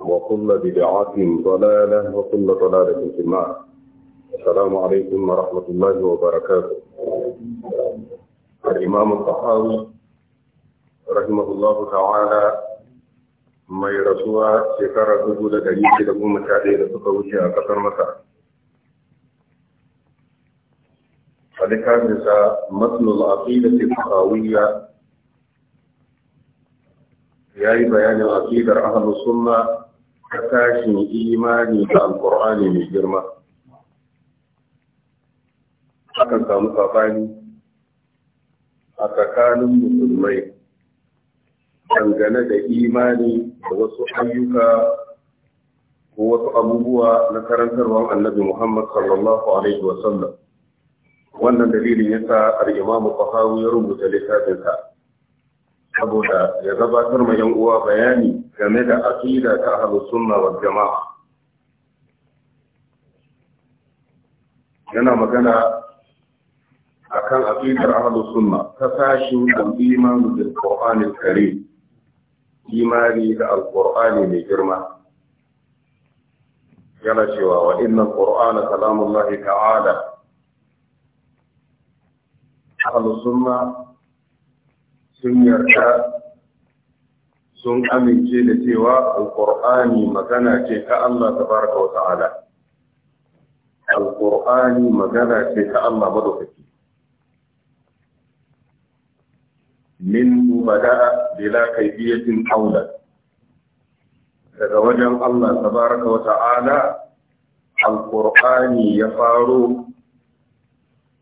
وكل بدعة ضلالة وكل ضلالة في النار السلام عليكم ورحمة الله وبركاته الإمام الطحاوي رحمه الله تعالى ما يرسوها سكرة قبولة دليل لكم مشاهدة تقوشي أكثر مساء فلكان نساء متن العقيدة الطحاوية يأي بيان العقيدة أهل السنة ta tashin imani da alkur'ani mai girma akan samu sabani a tsakanin musulmai dangane da imani da wasu ayyuka ko wasu abubuwa na karantarwar annabi Muhammad sallallahu Alaihi wasallam. Wannan dalilin yasa sa al'imamu Fahawu ya rubuta littafinsa. saboda ya gabatar ma yan uwa bayani game da aqida ta ahlus sunna wal jamaa yana magana akan aqidar ahlus sunna ta sashin al-iman bil qur'an karim imani da al mai girma yana cewa wa inna al-qur'ana kalamullahi ta'ala ahlus sunna sun yarda sun amince da cewa alƙur'ani magana ce ta Allah baraka wa ta'ala alƙur'ani magana ce ta Allah madaukaki min bada bila kaifiyatin aula daga wajen Allah baraka wa ta'ala alƙur'ani ya faro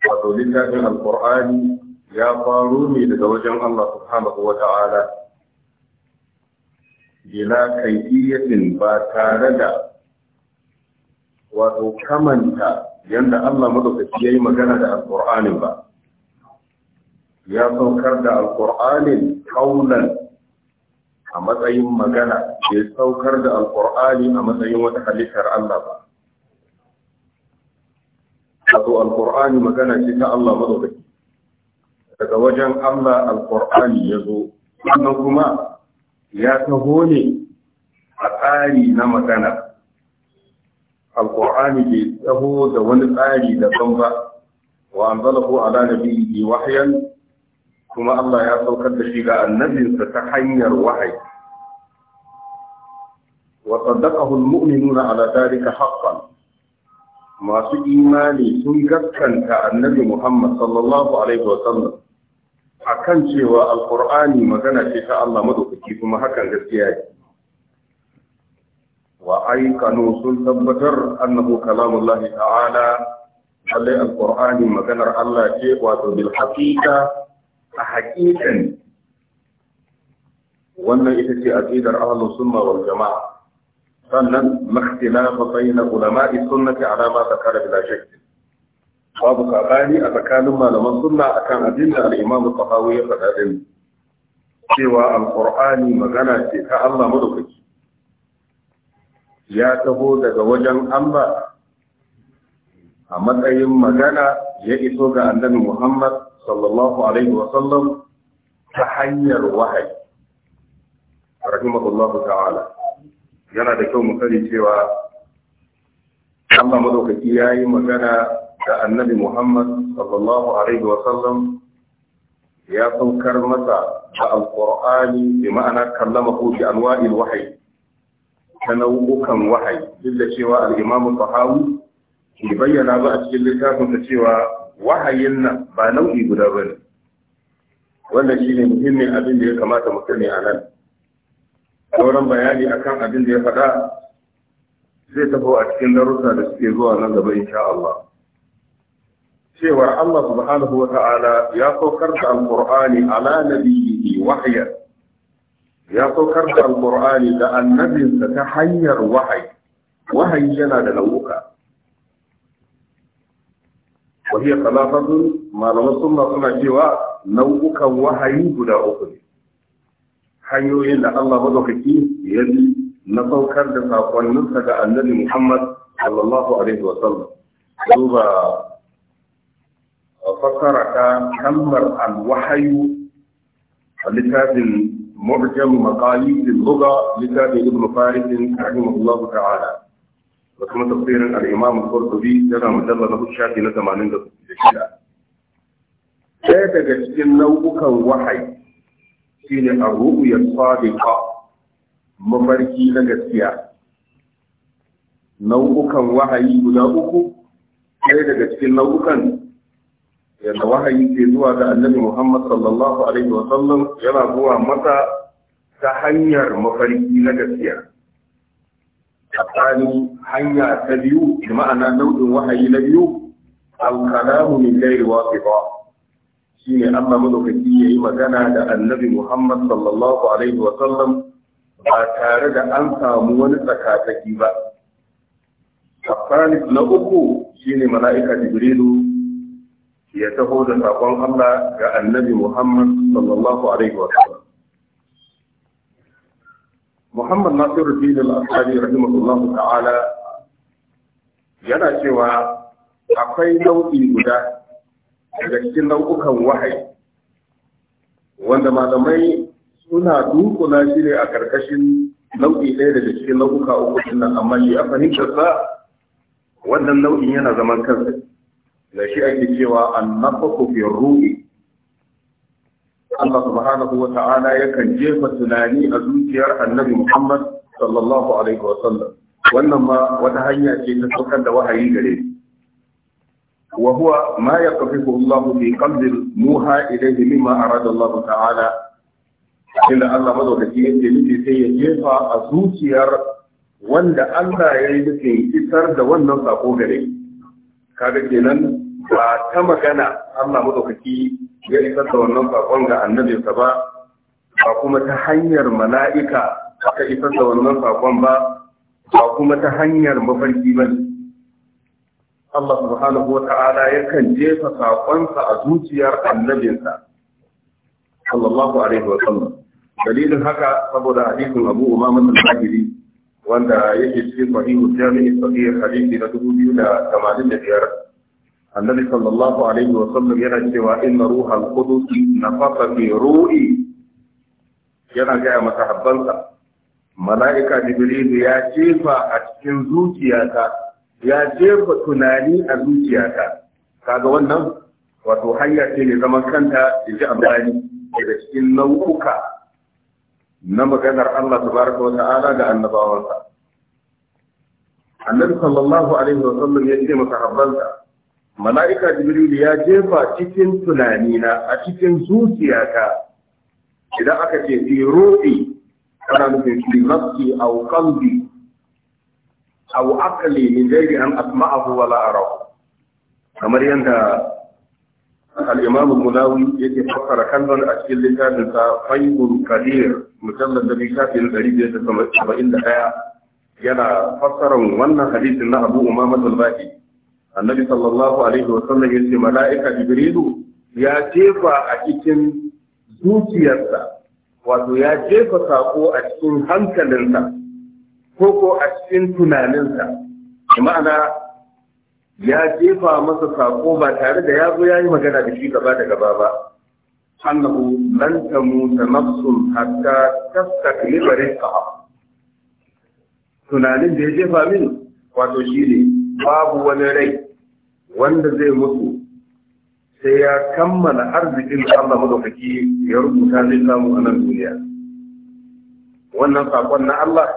wato littafin alƙur'ani ya faru ne daga wajen Allah subhanahu wa ta'ala bila kaifiyatin ba tare da wato kamanta yadda Allah ya yi magana da alqur'anin ba ya saukar da alqur'anin kaulan a matsayin magana bai saukar da alqur'ani a matsayin wata halittar Allah ba wato alqur'ani magana ce ta Allah madaukaki daga wajen Allah alƙur'ani ya zo wannan kuma ya taho ne a tsari na magana alƙur'ani bai taho da wani tsari daban ba wa an ala nabiyyi wahyan kuma Allah ya saukar da shi ga annabinsa ta hanyar wahayi wa saddaqahu almu'minuna ala dhalika haqqan masu imani sun gaskanta annabi Muhammad sallallahu alaihi wa sallam akan cewa alqur'ani magana ce ta Allah madaukaki kuma hakan gaskiya ne wa aikanu sun tabbatar annahu kalamullahi ta'ala lalle alqur'ani maganar Allah ce wato bil haqiqa a haqiqan wannan ita ce aqidar ahlus sunna wal jama'a sannan makhtilafa bayna ulama'i sunnati ala ma zakara bila shakk babu sabani a tsakanin malaman sunna akan abin da al'imam imam ya faɗa din cewa Alƙur'ani magana ce ta Allah madaukaki ya taho daga wajen Allah a matsayin magana ya iso ga annabi Muhammad sallallahu alaihi wa sallam ta hanyar wahayi rahimahullahu ta'ala yana da kyau mu sani cewa Allah madaukaki yi magana da annabi Muhammad sallallahu alaihi wasallam ya saukar masa da alqur'ani bi ma'ana kallama bi anwa'il wahyi ta nau'ukan wahayi duk da cewa al-imam Tahawi ke bayyana ba a cikin littafinsa cewa wahayin nan ba nau'i guda ba bane wannan shine muhimmin abin da ya kamata mu sani a nan sauran bayani akan abin da ya faɗa zai tafi a cikin darussa da suke zuwa nan gaba insha Allah Cewar Allah subhanahu wa ta'ala ya saukar da alƙur'ani ala nabiyyihi wahya ya saukar da alƙur'ani da annabinsa ta hanyar wahayi wahayi yana da lauka wahiya salafatun malaman sunna suna cewa nau'ukan wahayi guda uku ne hanyoyin da Allah madaukaki ya bi na saukar da saƙonninsa ga annabi Muhammad sallallahu alaihi fasara ta kalmar alwahayu a littafin mu'jam maqalid al-lugha littafin ibn farid rahimahullahu ta'ala da kuma tafsirin al-imam al-qurtubi yana mujallal na shafi na 86 Sai daga cikin nau'ukan wahayi shine ar-ru'ya sadiqa mafarki na gaskiya nau'ukan wahayi guda uku sai daga cikin nau'ukan yadda wahayi ke zuwa ga annabi Muhammad sallallahu alaihi wa sallam yana zuwa masa ta hanyar mafarki na gaskiya tsakani hanya ta biyu da ma'ana nau'in wahayi na biyu al-kalamu min ghairi Shi ne Allah madaukaki yi magana da annabi Muhammad sallallahu alaihi wa sallam ba tare da an samu wani tsakataki ba tsakani na uku shine mala'ika jibrilu ya taho da sakon Allah ga annabi Muhammad sallallahu alaihi wa sallam Muhammad Nasiru Dini al-Asali rahimahullah ta'ala yana cewa akwai nau'i guda daga cikin nau'ukan wahayi wanda malamai suna dukula shi ne a ƙarƙashin nau'i ɗaya daga cikin nau'uka uku din nan amma shi a fahimtar sa wannan nau'in yana zaman kansa da shi ake cewa an annafaqu fi ruhi Allah subhanahu wa ta'ala yakan jefa tunani a zuciyar Annabi Muhammad sallallahu alaihi wa sallam wannan ma wata hanya ce ta saukar da wahayi gare shi wa huwa ma yaqfihu Allah fi qalbi muha ilayhi mimma arada Allah ta'ala inda Allah madaukaki yake nufi sai ya jefa a zuciyar wanda Allah ya yi nufin fitar da wannan sako gare kaga kenan ba ta magana Allah madaukaki ya isar da wannan sakon ga annabinsa ba ba kuma ta hanyar mala'ika aka isar da wannan sakon ba ba kuma ta hanyar mafarki ba Allah subhanahu wa ta'ala kan jefa sakonsa a zuciyar annabinsa sallallahu alaihi wa sallam dalilin haka saboda hadisin Abu Umama al-Zahiri wanda yake cikin sahihu Jami'i Sahih hadisi na 2085 annabi sallallahu alaihi wa sallam yana cewa inna ruhal qudus nafasa fi ru'i yana gaya masa habbansa mala'ika jibrilu ya jefa a cikin zuciyata ya jefa tunani a zuciyata kaga wannan wato hanya ce ne zaman kanta da ji amfani daga cikin nau'uka na maganar Allah tabaraka wa ta'ala da annabawansa annabi sallallahu alaihi wa sallam ya ce masa habbansa mala'ika jibril ya jefa cikin tunanina a cikin zuciyata idan aka ce fi ruɗi kana nufin fi nafsi au qalbi au aqli min ghairi an asma'ahu wa la arahu kamar yadda al-imam al-munawi yake fassara kallon a cikin littafin sa faibul kadir mujallad da littafin 171 yana fassara wannan hadisin na Abu Umama al annabi sallallahu alaihi wa sallam ya ce mala'ika jibrilu ya jefa a cikin zuciyarsa wato ya jefa sako a cikin hankalinsa ko ko a cikin tunaninsa ma'ana ya jefa masa sako ba tare da ya zo ya yi magana da shi gaba da gaba ba annahu lan tamuta nafsun hatta tastakmila rizqaha tunanin da ya jefa min wato shi ne babu wani rai wanda zai mutu sai ya kammala arzikin da Allah madaukaki ya rubuta zai samu a nan duniya wannan sakon na Allah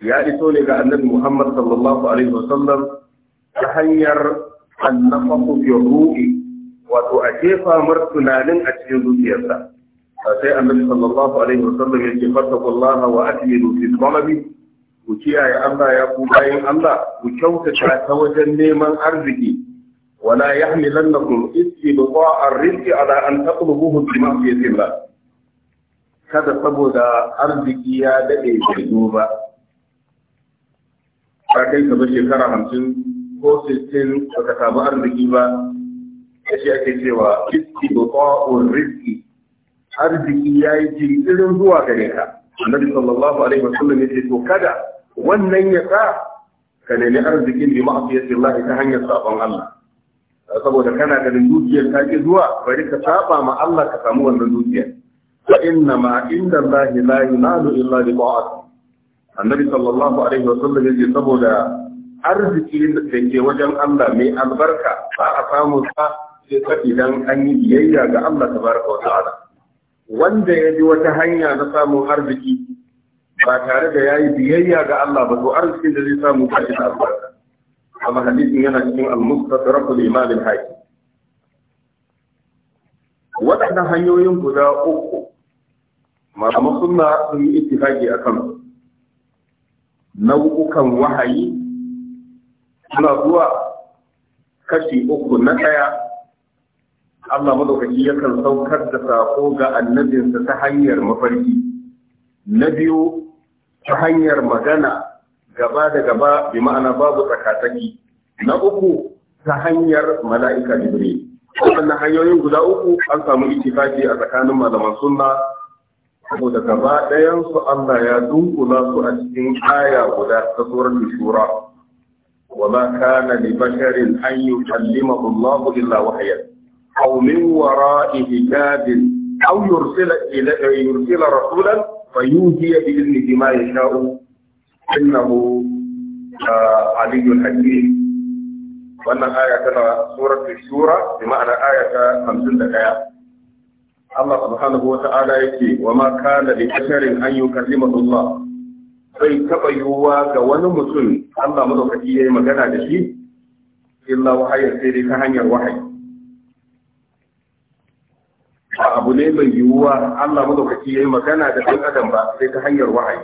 ya iso ne ga annabi Muhammad sallallahu alaihi wasallam ta hanyar annafasu fi ruhi wato a jefa mar tunanin a cikin zuciyarsa sai annabi sallallahu alaihi wasallam ya ce fattaqullaha wa atmilu fi talabi ku kiyaye Allah ya ku bayin Allah ku kyautata ta wajen neman arziki ولا يحملنكم استبطاء الرزق على أن تطلبوه بمعصية الله kada saboda arziki ya daɗe bai zo ba ka kai ka bi shekara hamsin ko sittin ba ka samu arziki ba Ya shi ake cewa iski bukawar riski arziki ya yi jinkirin zuwa gare ka annabi sallallahu alaihi wa sallam ya ce to kada wannan ya sa ka nemi arzikin bi ma'asiyatin Allah ta hanyar sabon Allah saboda kana da dukiyar ta ke zuwa bari ka saba ma Allah ka samu wannan dukiyar fa inna ma inda Allah la yunalu illa bi ta'at annabi sallallahu alaihi wa sallam yace saboda arziki da ke wajen Allah mai albarka ba a samu sa sai ka idan an yi biyayya ga Allah tabaraka wa ta'ala wanda ya ji wata hanya na samun arziki ba tare da yayi biyayya ga Allah ba to arzikin da zai samu ba shi albarka kama hadisin yana cikin al-mustadrak al-imam al-hakim waɗannan hanyoyin guda uku malaman sunna sun yi ittifaqi akan nau'ukan wahayi suna zuwa kashi uku na ɗaya Allah madaukaki yakan saukar da sako ga annabinsa ta hanyar mafarki na biyu ta hanyar magana gaba da gaba bi ma'ana babu tsakatsaki na uku ta hanyar mala'ika jibril waɗannan hanyoyin guda uku an samu ittifaki a tsakanin malaman sunna saboda gaba ɗayan su Allah ya dunkula su a cikin aya guda ta suratul shura wa ma kana li basharin an yukallimahu Allah illa wahyan aw min wara'i hijabin aw yursila ila yursila rasulan fayuhiya bi idnihi ma إنه علي الحكيم وأن آية سورة الشورى بمعنى آية 50 دقيقة Allah subhanahu wa ta'ala yake wa ma kana li basharin an yukallimahu Allah sai taɓa yiwuwa ga wani mutum Allah madaukaki yayi magana da shi illa wahaya sai dai ta hanyar wahayi ba abu ne mai yiwuwa Allah madaukaki yayi magana da ɗan adam ba sai ta hanyar wahayi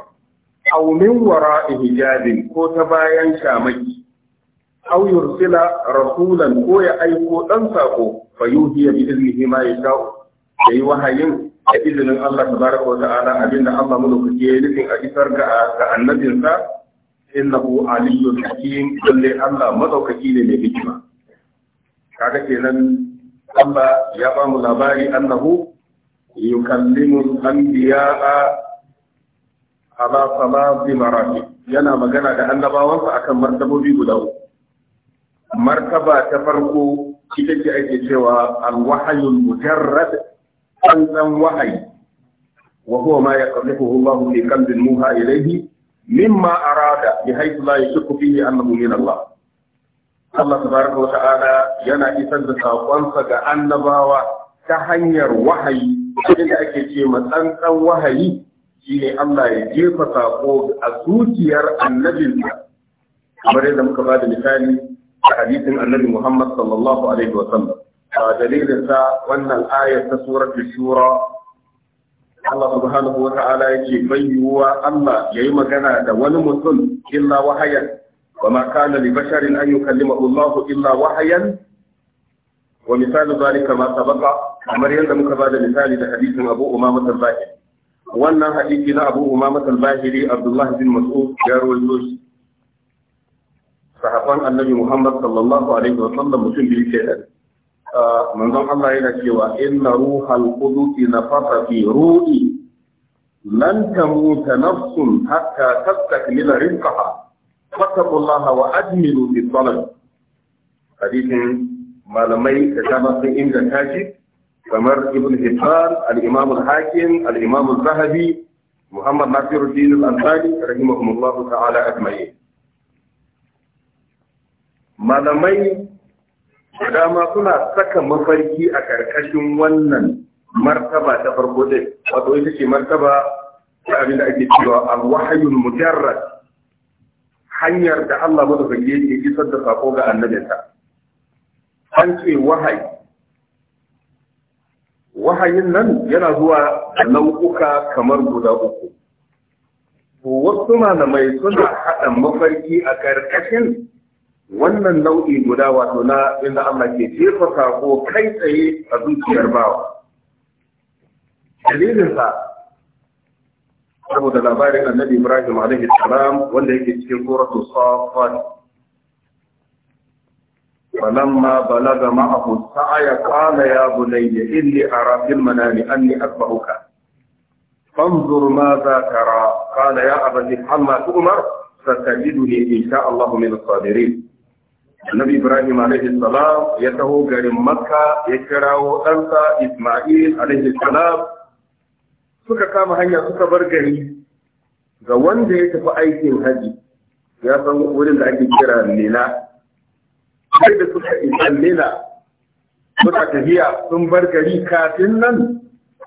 aw wara wara'i hijabin ko ta bayan shamaki aw yursila rasulan ko ya aiko dan sako fa yuhiya bi iznihi ma yasha'u yayi wahayin da izinin Allah tabaraka wa ta'ala abinda Allah madaukaki ya nufin a isar ga ga annabinsa innahu aliyyun hakim lalle Allah madaukaki ne mai hikima kaga kenan Allah ya ba mu labari annahu yukallimu al-anbiya'a ala salati maratib yana magana da annabawansa akan martabobi guda uku martaba ta farko ita ce ake cewa alwahayul mujarrad an san wahayi wa huwa ma yaqdifuhu Allah fi qalbin muha ilayhi mimma arada bi haythu la yashku fihi annahu min Allah Allah tabaraka wa ta'ala yana isar da sakonsa ga annabawa ta hanyar wahayi inda ake ce ma wahayi shi ne Allah ya jefa sako a zuciyar annabinsa kamar yadda muka ba da misali a hadisin annabi Muhammad sallallahu alaihi wa sallam a dalilin sa wannan ayar ta suratul shura Allah subhanahu wa ta'ala yake yiwuwa Allah ya yi magana da wani mutum illa wahayan وما كان لبشر أن يكلمه الله إلا وحيا ومثال ذلك ما سبق عمر da كبار مثال حديث أبو أمامة الباهلي wannan hadisi na Abu Umama al-Bahiri Abdullah bin Mas'ud ya rawaito shi sahaban Annabi Muhammad sallallahu alaihi wa sallam mutum biyu kenan ah, manzon Allah yana cewa inna ruhal qudus nafasa fi ruhi lan tamuta nafsun hatta tastakmila rizqaha fattaqullaha wa ajmilu fi talab hadisin malamai da dama sun inganta shi kamar ibn hibban al al-hakim al al-zahabi muhammad nasiruddin al-ansari rahimahumullah ta'ala ajma'in malamai dama suna saka mafarki a ƙarƙashin wannan martaba ta farko ɗin wato ita ce martaba ta abin da ake cewa al mujarrad hanyar da Allah madaukake yake isar da sako ga annabinsa an ce wahayi wahayin nan yana zuwa nau'uka kamar guda uku wasu malamai suna haɗa mafarki a ƙarƙashin wannan nau'i guda wato na inda Allah ke jefa sako kai tsaye a zuciyar bawa dalilinsa saboda labarin annabi Ibrahim alaihi salam wanda yake cikin suratul Safat فلما بلغ معه السعي قال يا بني إني أرى في المنام أني أتبعك فانظر ماذا ترى قال يا أبت عما تؤمر ستجدني إن شاء الله من الصابرين النبي إبراهيم عليه السلام يتهو غريم مكة يكراو أنسى إسماعيل عليه السلام suka kama hanya suka bar gari ga wanda ya tafi aikin haji ya san wurin da ake kira lila da suka isallila suka tafiya sun bar gari kafin nan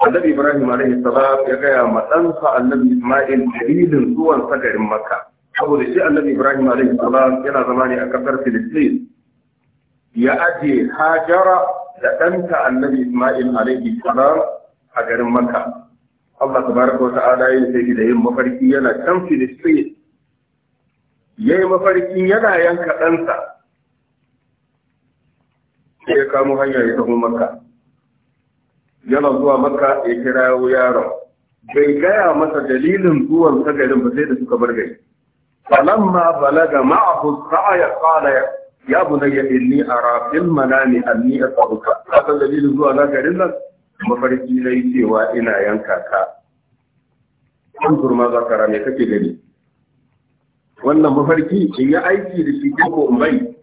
annabi ibrahim alaihi salam ya gaya ma ɗansa annabi isma'il dalilin zuwan sa garin makka saboda shi annabi ibrahim alaihi salam yana zama ne a kasar filistin ya aje hajara da ɗanta annabi isma'il alaihi salam a garin makka Allah tabaraka wa ta'ala yin sai da yin mafarki yana can filistin yayi mafarki yana yanka ɗansa sai ya kamo hanya ya tafi makka yana zuwa makka ya kirawo yaron bai gaya masa dalilin zuwan ta garin ba sai da suka bar gari falamma balaga ma'ahu sa'aya qala ya bunayya inni ara fil manami anni asbuka haka dalilin zuwa na garin nan mafarki nayi cewa ina yanka ka kun turma za ka rame kake gani wannan mafarki in yi aiki da shi ko in bai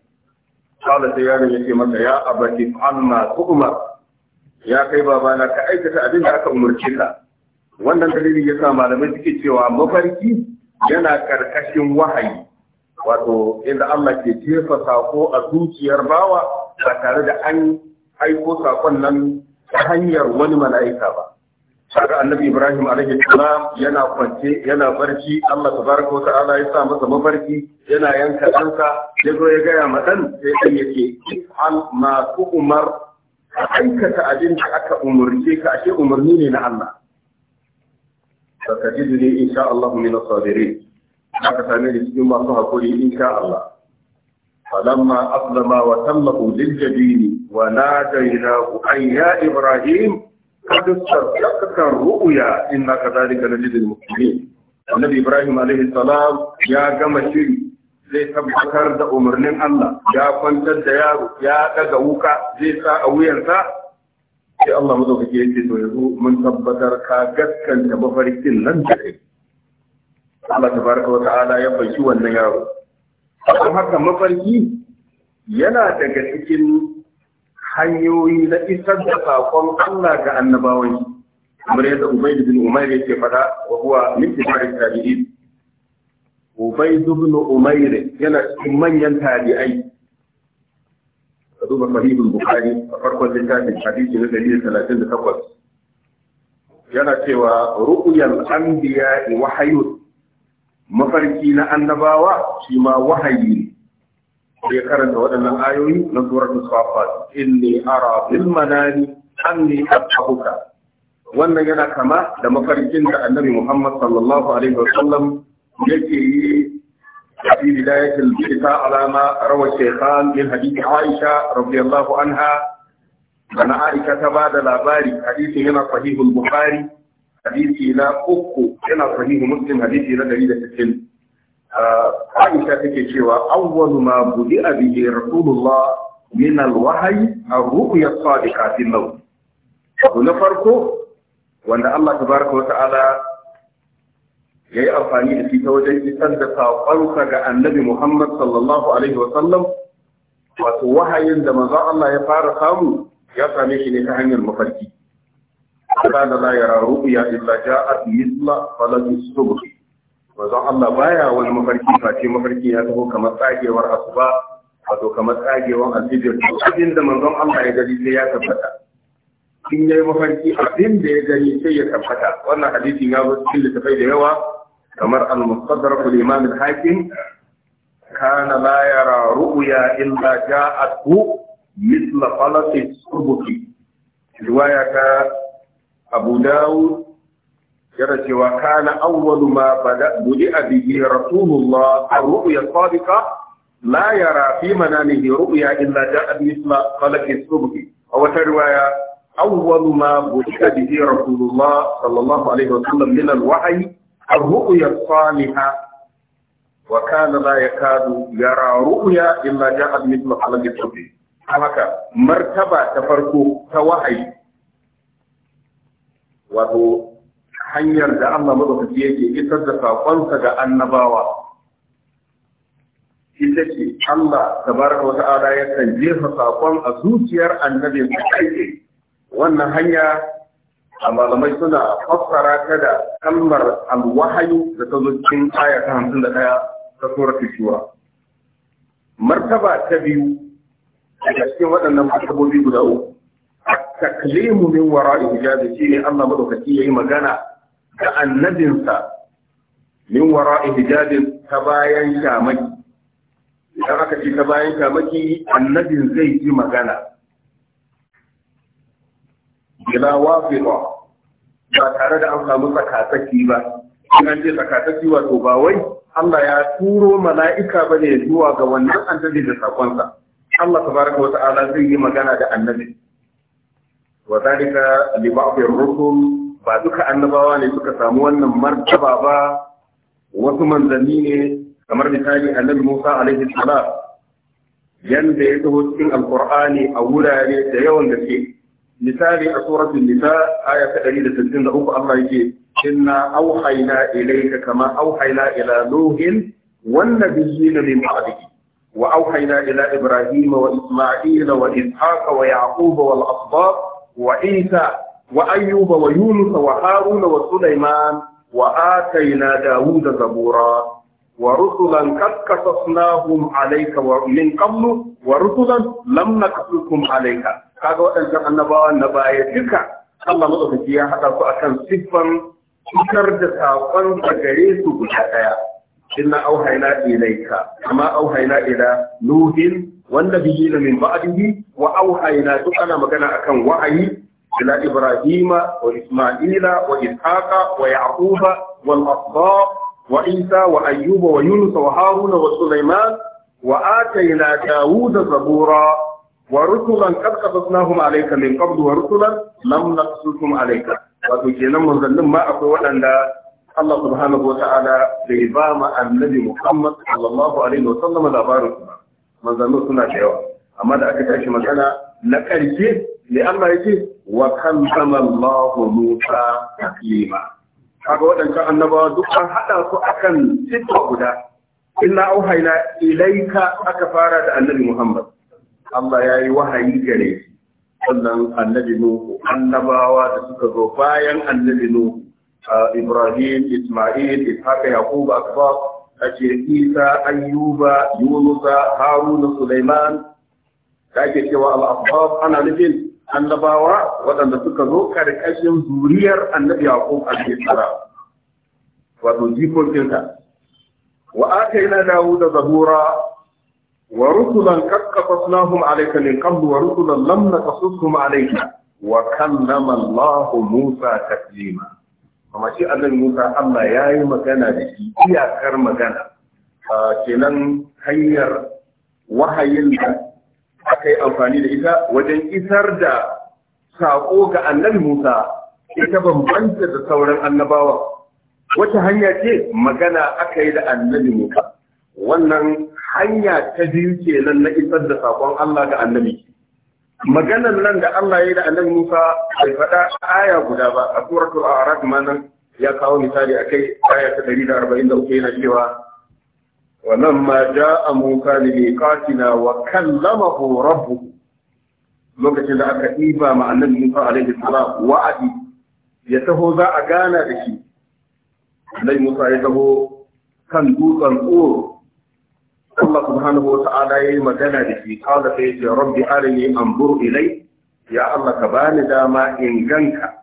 kala sai yaron ya ce masa ya abati amma tu'mar ya kai babana ka aikata abin da aka umarci ka wannan dalili yasa malamai suke cewa mafarki yana karkashin wahayi wato inda Allah ke jefa sako a zuciyar bawa ba tare da an aiko sakon nan ta hanyar wani mala'ika ba Saka annabi Ibrahim alaihi salam yana kwance yana barci Allah tabaraka wa ta'ala ya sa masa mafarki yana yanka ɗansa ya zo ya gaya ma ɗan sai ɗan yake al ma ku umar aikata abin da aka umurce ka ashe umarni ne na Allah. Saka jidu ne insha Allah min as-sabirin. Aka same ni cikin masu hakuri insha Allah. فلما أسلم وتمه للجبين وناديناه أي يا إبراهيم قد صدقت الرؤيا إنا كذلك نجد المسلمين النبي إبراهيم عليه السلام يا جمع شيري zai tabbatar da umarnin Allah ya kwantar da yaro ya daga wuka zai sa a wuyarsa sai Allah mazaukake ya ce to yanzu mun tabbatar ka gaskanta mafarkin nan da kai Allah tabaraka wa ta'ala ya fanki wannan yaro don haka mafarki yana daga cikin hanyoyi na isar da sakon Allah ga annabawan shi kamar yadda Ubayd bin Umayr yake fada wa huwa min tibari tabi'in Ubayd bin Umayr yana cikin manyan tabi'ai duba sahihul bukhari a farkon littafin hadisi na 138 yana cewa ru'yal anbiya wa hayyun mafarki na annabawa shi ma wahayi ya karanta waɗannan ayoyi na surar Musafat inni ara bil manani anni ashabuka wannan yana kama da mafarkin da Annabi Muhammad sallallahu alaihi wasallam yake yi في alama الكتاب على ما روى الشيخان من حديث عائشة رضي الله عنها أن عائشة بعد الأباري حديث هنا صحيح البخاري حديث إلى أكو هنا صحيح مسلم حديث إلى دليل السن Aisha take cewa awwalu ma budi'a bihi Rasulullah min al-wahyi ar-ru'ya as-sadiqa fi al na farko wanda Allah tabaraka wa ta'ala yayi amfani da shi ta wajen isar da saƙonsa ga Annabi Muhammad sallallahu alaihi wa sallam wato wahayin da maza Allah ya fara samu ya same shi ne ta hanyar mafarki. Kada la yara ru'ya illa ja'at misla falati subhi manzon Allah baya wani mafarki face mafarki ya taho kamar tsagewar asuba wato kamar tsagewar alfijir abin da manzon Allah ya gari sai ya tabbata in yayi mafarki abin da ya gani sai ya tabbata wannan hadisi ya zo cikin littafai da yawa kamar al-mustadrak kul imam al-hakim kana la yara ru'ya illa ja'athu mithla falasi subuki riwaya ta Abu Dawud yana cewa kana awwalu ma bada budi abihi rasulullah ar-ru'ya sadiqa la yara fi manamihi ru'ya illa ja'a bi misla falaki subhi aw wata riwaya awwalu ma budi abihi rasulullah sallallahu alaihi wasallam min al-wahyi ar-ru'ya salihah wa kana la yakadu yara ru'ya illa ja'a bi misla falaki subhi haka martaba ta farko ta wahayi wato hanyar da Allah madaukaki yake isar da saƙonsa ga annabawa ita ce Allah tabaraka wa ta'ala ya kan jefa saƙon a zuciyar annabi da kai wannan hanya a malamai suna fassara ta da kalmar alwahayu da ta zo cikin aya ta hamsin da ɗaya ta suratul shura martaba ta biyu daga cikin waɗannan martabobi guda uku taklimu min wara'i hijabi shine Allah madaukaki yayi magana ga annabinsa min wara hijabin ta bayan shamaki idan aka ce ta bayan shamaki annabin zai ji magana ila wafiqa ba tare da an samu tsakatsaki ba in an ce tsakatsaki wato ba wai Allah ya turo mala'ika ba ne zuwa ga wannan annabi da sakonsa Allah tabaraka wata'ala zai yi magana da annabi wa zalika li ba'd ar-rusul ba duka annabawa ne suka samu wannan martaba ba wasu manzanni ne kamar misali annabi Musa alaihi salam yanda ya taho cikin alqur'ani a wurare da yawan gaske misali a suratul nisa aya ta 163 Allah yake inna auhayna ilayka kama auhayna ila nuhin wan nabiyyin min ba'dihi wa auhayna ila ibrahima wa isma'ila wa ishaqa wa yaquba wal asbab wa isa wa ayyuba wa Yunusa wa haruna wa sulaiman wa atayna dawuda zabura wa rusulan qad qasasnahum alayka alaika min qablu wa rusulan lam naqsukum alayka kaga waɗannan annabawan na baya duka Allah madaukaki ya hada su akan siffan cikar da saƙon da gare su guda ɗaya inna auhayna ilayka kama auhayna ila nuhin wanda bihi min ba'dihi wa auhayna duk ana magana akan wa'ayi إلى إبراهيم وإسماعيل وإسحاق ويعقوب والأصباط وعيسى وأيوب ويونس وهارون وسليمان وآتينا داود زبورا ورسلا قد قصصناهم عليك من قبل ورسلا لم نقصصهم عليك وتجينا منزلن ما أقوى أن Allah subhanahu wa ta'ala bai ba ma annabi Muhammad sallallahu alaihi wa sallam labarin su ba manzanni suna da yawa amma da aka tashi magana na ƙarshe me Allah yake wa kallama Allah Musa taklima kaga wadannan annabawa duk an hada su akan sifa guda inna auhayna ilayka aka fara da annabi Muhammad Allah yayi wahayi gare shi sannan annabi Nuhu annabawa da suka zo bayan annabi Nuhu Ibrahim Isma'il Ishaq Yaqub Akbar ake Isa Ayyuba Yunusa Haruna Sulaiman da ake cewa al ana nufin annabawa waɗanda suka zo karkashin zuriyar annabi yaqub alaihi salam wato jikokinsa wa na dawo da zabura wa rusulan qad qasasnahum alayka min qabl wa rusulan lam naqasushum alayka wa kallama Allah Musa taklima amma shi annabi Musa Allah ya yi magana da shi iyakar magana ah, kenan hanyar wahayin da aka yi amfani da ita wajen isar da sako ga annabi Musa ita bambanta da sauran annabawa wata hanya ce magana aka yi da annabi Musa wannan hanya ta biyu kenan na isar da sakon Allah ga annabi maganan nan da Allah ya yi da annabi Musa bai faɗa aya guda ba a suratul a'raf ma nan ya kawo misali akai aya ta 143 yana cewa ولما جاء موسى لميقاتنا وكلمه ربه lokacin da aka ɗiba ma annabi Musa alaihi salam wa'adi ya taho za a gana da shi Annabi Musa ya taho kan dutsen tsoro Allah subhanahu wata'ala ya yi magana da shi da sai ya ce rabbi arini anzur ilai ya Allah ka bani dama in ganka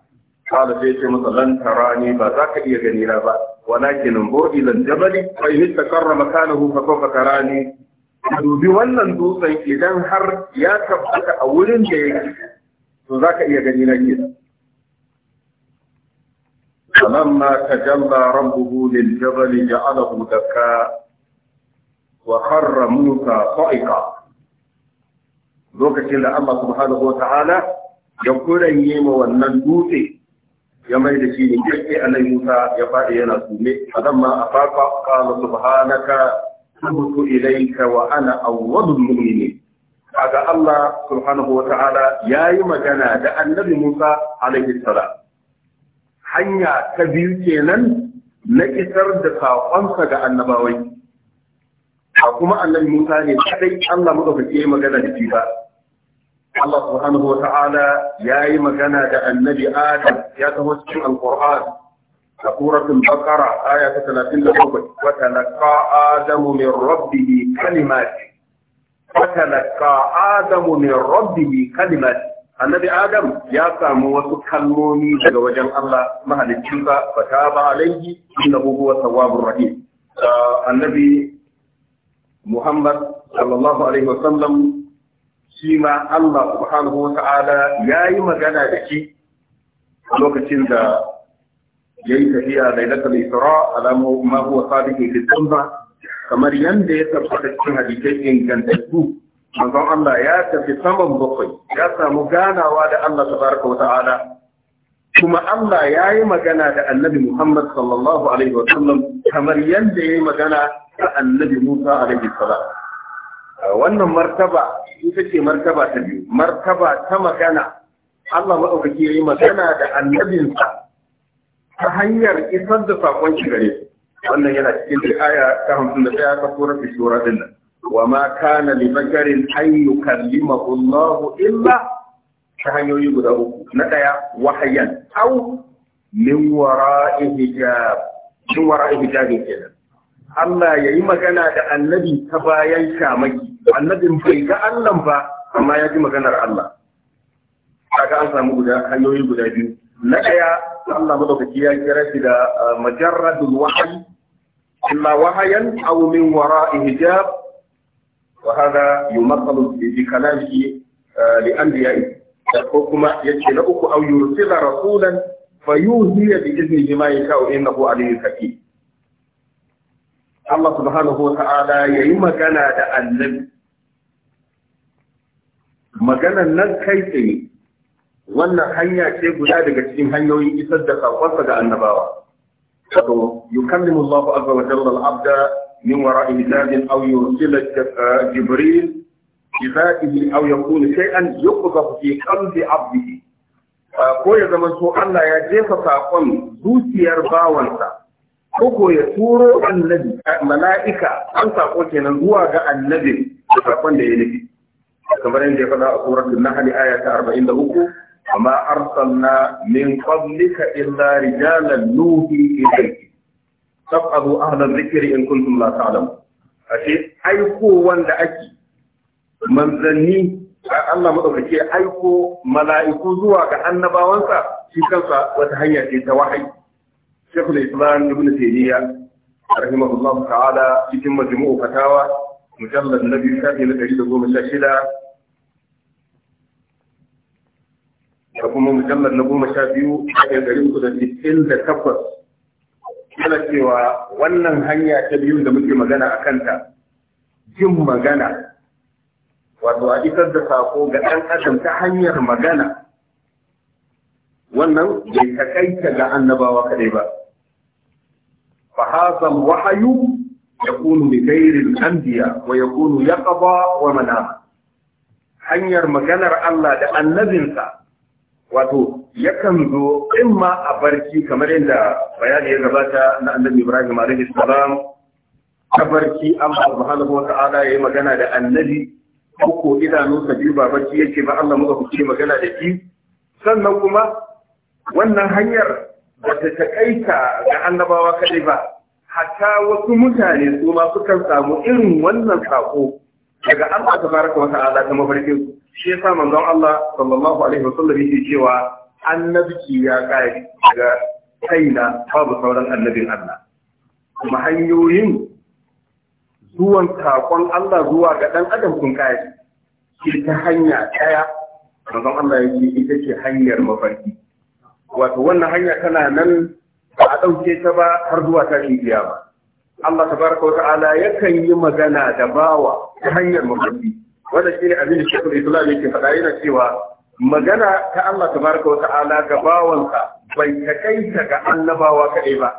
da sai ce masa lan tarani ba za ka iya gani na ba walakin ungo ila jabal fa in takarra makanahu fa sawfa tarani dubi wannan dutsen idan har ya tabbata a wurin da yake to zaka iya gani na ke فلما تجلى ربه للجبل جعله دكا وخر موسى صائقا لوكاشين da Allah subhanahu wa ta'ala ya kuranye ma wannan dutse ya mai da shi ne kirki a nan Musa ya faɗi yana sume a zan ma a farfa kala subhanaka tubutu ilaika wa ana awwalul mu'minin kaga Allah subhanahu wa ta'ala yayi magana da annabi Musa alaihi hanya ta biyu kenan na isar da saƙonsa ga annabawai a kuma annabi Musa ne kadai Allah madaukake magana da shi ba الله سبحانه وتعالى يا مكان هذا النبي آدم يا تمسك القرآن سورة البقرة آية ثلاثين 33 وتلقى آدم من ربه كلمات وتلقى آدم من ربه كلمات النبي آدم يا سامو وتكلموني جوجا الله ما هل فتاب عليه إنه هو التواب الرحيم النبي محمد صلى الله عليه وسلم shi ma Allah subhanahu wa ta'ala ya yi magana da shi lokacin da ya yi tafiya lailatul isra ala ma huwa sabiqi fi sunna kamar yadda ya tabbata cikin hadisai ingantattu manzon Allah ya tafi saman bakwai ya samu ganawa da Allah tabaraka wata'ala kuma Allah ya yi magana da annabi Muhammad sallallahu alaihi wa sallam kamar yadda ya yi magana da annabi Musa alaihi salam wannan martaba ita ce martaba ta biyu martaba ta magana Allah maɗaukaki ya yi magana da annabinsa ta hanyar isar da saƙon shi gare wannan yana cikin aya ta hamsin da ɗaya ta sura fi sura din nan wa ma kana li bashar an yukallimahu Allah illa ta hanyoyi guda uku na ɗaya wahayan au min wara'i hijab min wara'i hijab kenan Allah ya yi magana da annabi ta bayan shamaki annabin bai ga Allah ba amma ya ji maganar Allah kaga an samu guda hanyoyi guda biyu na ɗaya Allah madaukaki ya kira shi da ah, majarradul wahyi illa wahayan aw min wara'i hijab wa hada yumaqalu bi kalamihi ah, li anbiya'i ko kuma yace na uku aw yursila rasulan fayuhiya bi iznihi ma yasha'u innahu aliyyun hakim Allah subhanahu wa ta'ala ya yi magana da annabi maganan nan kai tsaye wannan hanya ce guda daga cikin hanyoyin isar da sakonsa ga annabawa wato yukallimu Allahu azza wa jalla al-abda min wara'i hijabin aw yursila jibril bifatihi aw yakunu shay'an yuqdhafu fi qalbi 'abdihi ko ya zama so Allah ya jefa sakon zuciyar bawansa ko ya turo annabi mala'ika an sako kenan zuwa ga annabi da sakon da ya nufi kamar yadda ya faɗa a suratul nahl aya ta 43 amma arsalna min qablika illa rijalan nuhi ilayhi tafahu ahla dhikri in kuntum la ta'lamun ashe aiko wanda ake manzanni Allah madaukake aiko mala'iku zuwa ga annabawansa shi kansa wata hanya ce ta wahayi shekul islam ibn taymiya rahimahullahu ta'ala cikin majmu'u fatawa mujallad na biyu shafi na ɗari da goma sha shida da kuma mujallar na goma sha biyu shafi ɗari uku da sittin da takwas yana cewa wannan hanya ta biyu da muke magana a kanta jin magana wato a isar da sako ga ɗan adam ta hanyar magana wannan bai takaita ga annabawa kaɗai ba فهذا الوحي يكون بغير الأنبياء ويكون يقظة ومنام hanyar maganar Allah da annabinsa wato yakan zo imma a barci kamar yadda bayani ya gabata na annabi Ibrahim alaihi salam a barci Allah subhanahu wa ta'ala yayi magana da annabi ko idanunsa biyu ba barci yake ba Allah muka fice magana da shi sannan kuma wannan hanyar ba ta takaita ga annabawa kaɗai ba hatta wasu mutane su ma sukan samu irin wannan saƙo. daga Allah tabaraka wa ta'ala ta mafarkin su shi yasa manzon Allah sallallahu alaihi wa sallam yake cewa annabci ya kai daga kaina babu sauran annabin Allah kuma hanyoyin zuwan saƙon Allah zuwa ga ɗan adam sun kai ita ta hanya daya manzon Allah yake ita ce hanyar mafarki wato wannan hanya tana nan ba a ɗauke ta ba har zuwa tashin ba. Allah tabaraka wa ta'ala yakan yi magana da bawa ta hanyar mafarki wannan abin da Sheikhul Islam yake faɗa yana cewa magana ta Allah tabaraka wa ta'ala ga bawansa bai ta ga annabawa kaɗai ba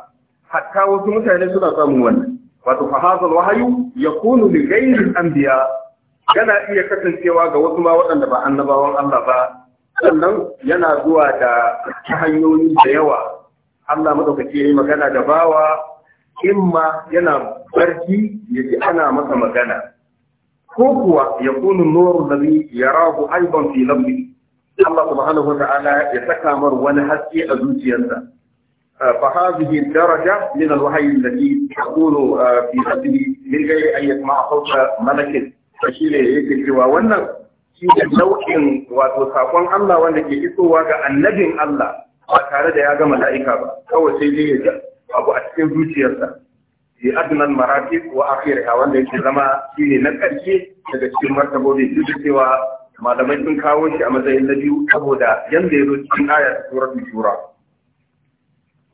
hatta wasu mutane suna samun wannan wato fa wahayu ya kunu li gairin an biya. yana iya kasancewa ga wasu ma waɗanda ba annabawan Allah ba sannan yana zuwa da hanyoyi da yawa Allah ya yi magana da bawa imma yana barci yaji ana masa magana ko kuwa ya kunu nuru ladhi yarahu aidan fi lambi Allah subhanahu wata'ala ya saka mar wani haske a zuciyarsa fa hadhihi daraja min alwahyi alladhi takunu uh, fi qalbi min ghairi an yasma'a sawta malakin shi ne yake cewa wannan shi da nau'in wato sakon Allah wanda ke isowa ga annabin Allah ba tare da ya ga mala'ika ba kawai sai dai ya ji abu a cikin zuciyarsa ya adnan maratib wa akhirha wanda yake zama ne na karshe daga cikin martabobi duk da cewa malamai sun kawo shi a matsayin na biyu saboda yanda ya zo cikin ayar sura shura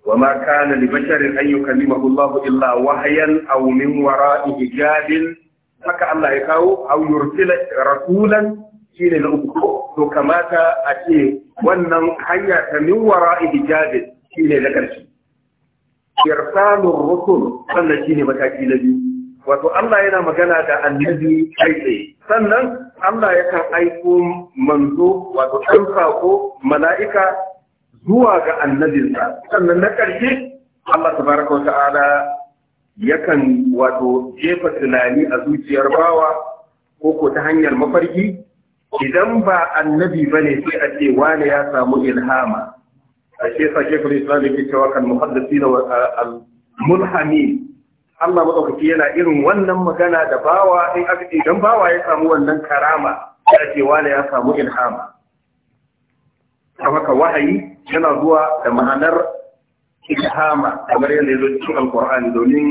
wa ma kana li basharin an yukallimahu Allah illa wahyan aw min wara'i hijabin haka Allah ya kawo aw yursila rasulan shine na uku to kamata a ce wannan hanya ta min wara'i shi shine na ƙarshe irsalur rusul sannan shine mataki na biyu wato Allah yana magana da annabi kai tsaye sannan Allah yakan aiko manzo wato dan sako mala'ika zuwa ga annabinsa sannan na ƙarshe Allah tabaraka wa ta'ala yakan wato jefa tunani a zuciyar bawa ko ko ta hanyar mafarki idan ba annabi ba ne sai a ce wani ya samu ilhama a ce sa shekul islam ke cewa kan muhaddisi da mulhami Allah madaukaki yana irin wannan magana da bawa in aka idan bawa ya samu wannan karama sai a ce wani ya samu ilhama haka wahayi yana zuwa da ma'anar ilhama kamar yadda ya zo cikin alkur'ani domin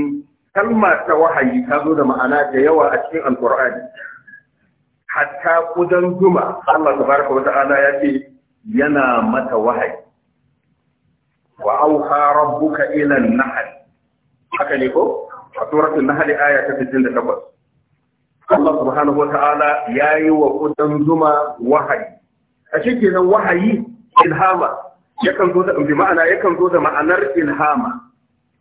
kalma ta wahayi ta zo da ma'ana da yawa a cikin alkur'ani hatta kudan zuma Allah tabaraka wa ta'ala ya ce yana mata wahayi wa auha rabbuka ila an-nahl haka ne ko a suratul nahl aya ta 68 Allah subhanahu wa ta'ala yayi wa kudan zuma wahayi a cikin nan wahayi ilhama yakan zo da bi ma'ana yakan zo da ma'anar ilhama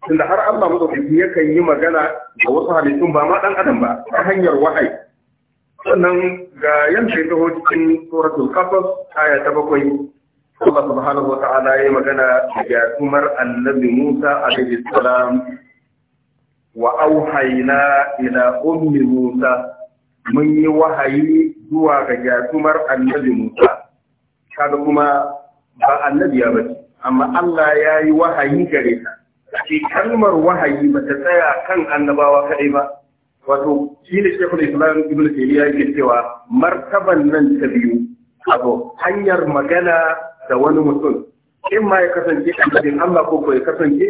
tunda har Allah madaukaki yakan yi magana ga wasu halittun ba ma dan adam ba ta hanyar wahayi sannan ga 'yan ya cikin suratul qasas aya ta bakwai Allah subhanahu wa ta'ala ya magana da umar annabi Musa alaihi salam wa auhayna ila ummi Musa mun yi wahayi zuwa ga jatumar annabi Musa kada kuma ba annabi ya bace amma Allah ya yi wahayi gare ta shi kalmar wahayi ba ta tsaya kan annabawa kaɗai ba wato shi ne shekul islam ibn ya yake cewa martaban nan ta biyu abu hanyar magana da wani mutum in ma ya kasance annabin Allah ko ya kasance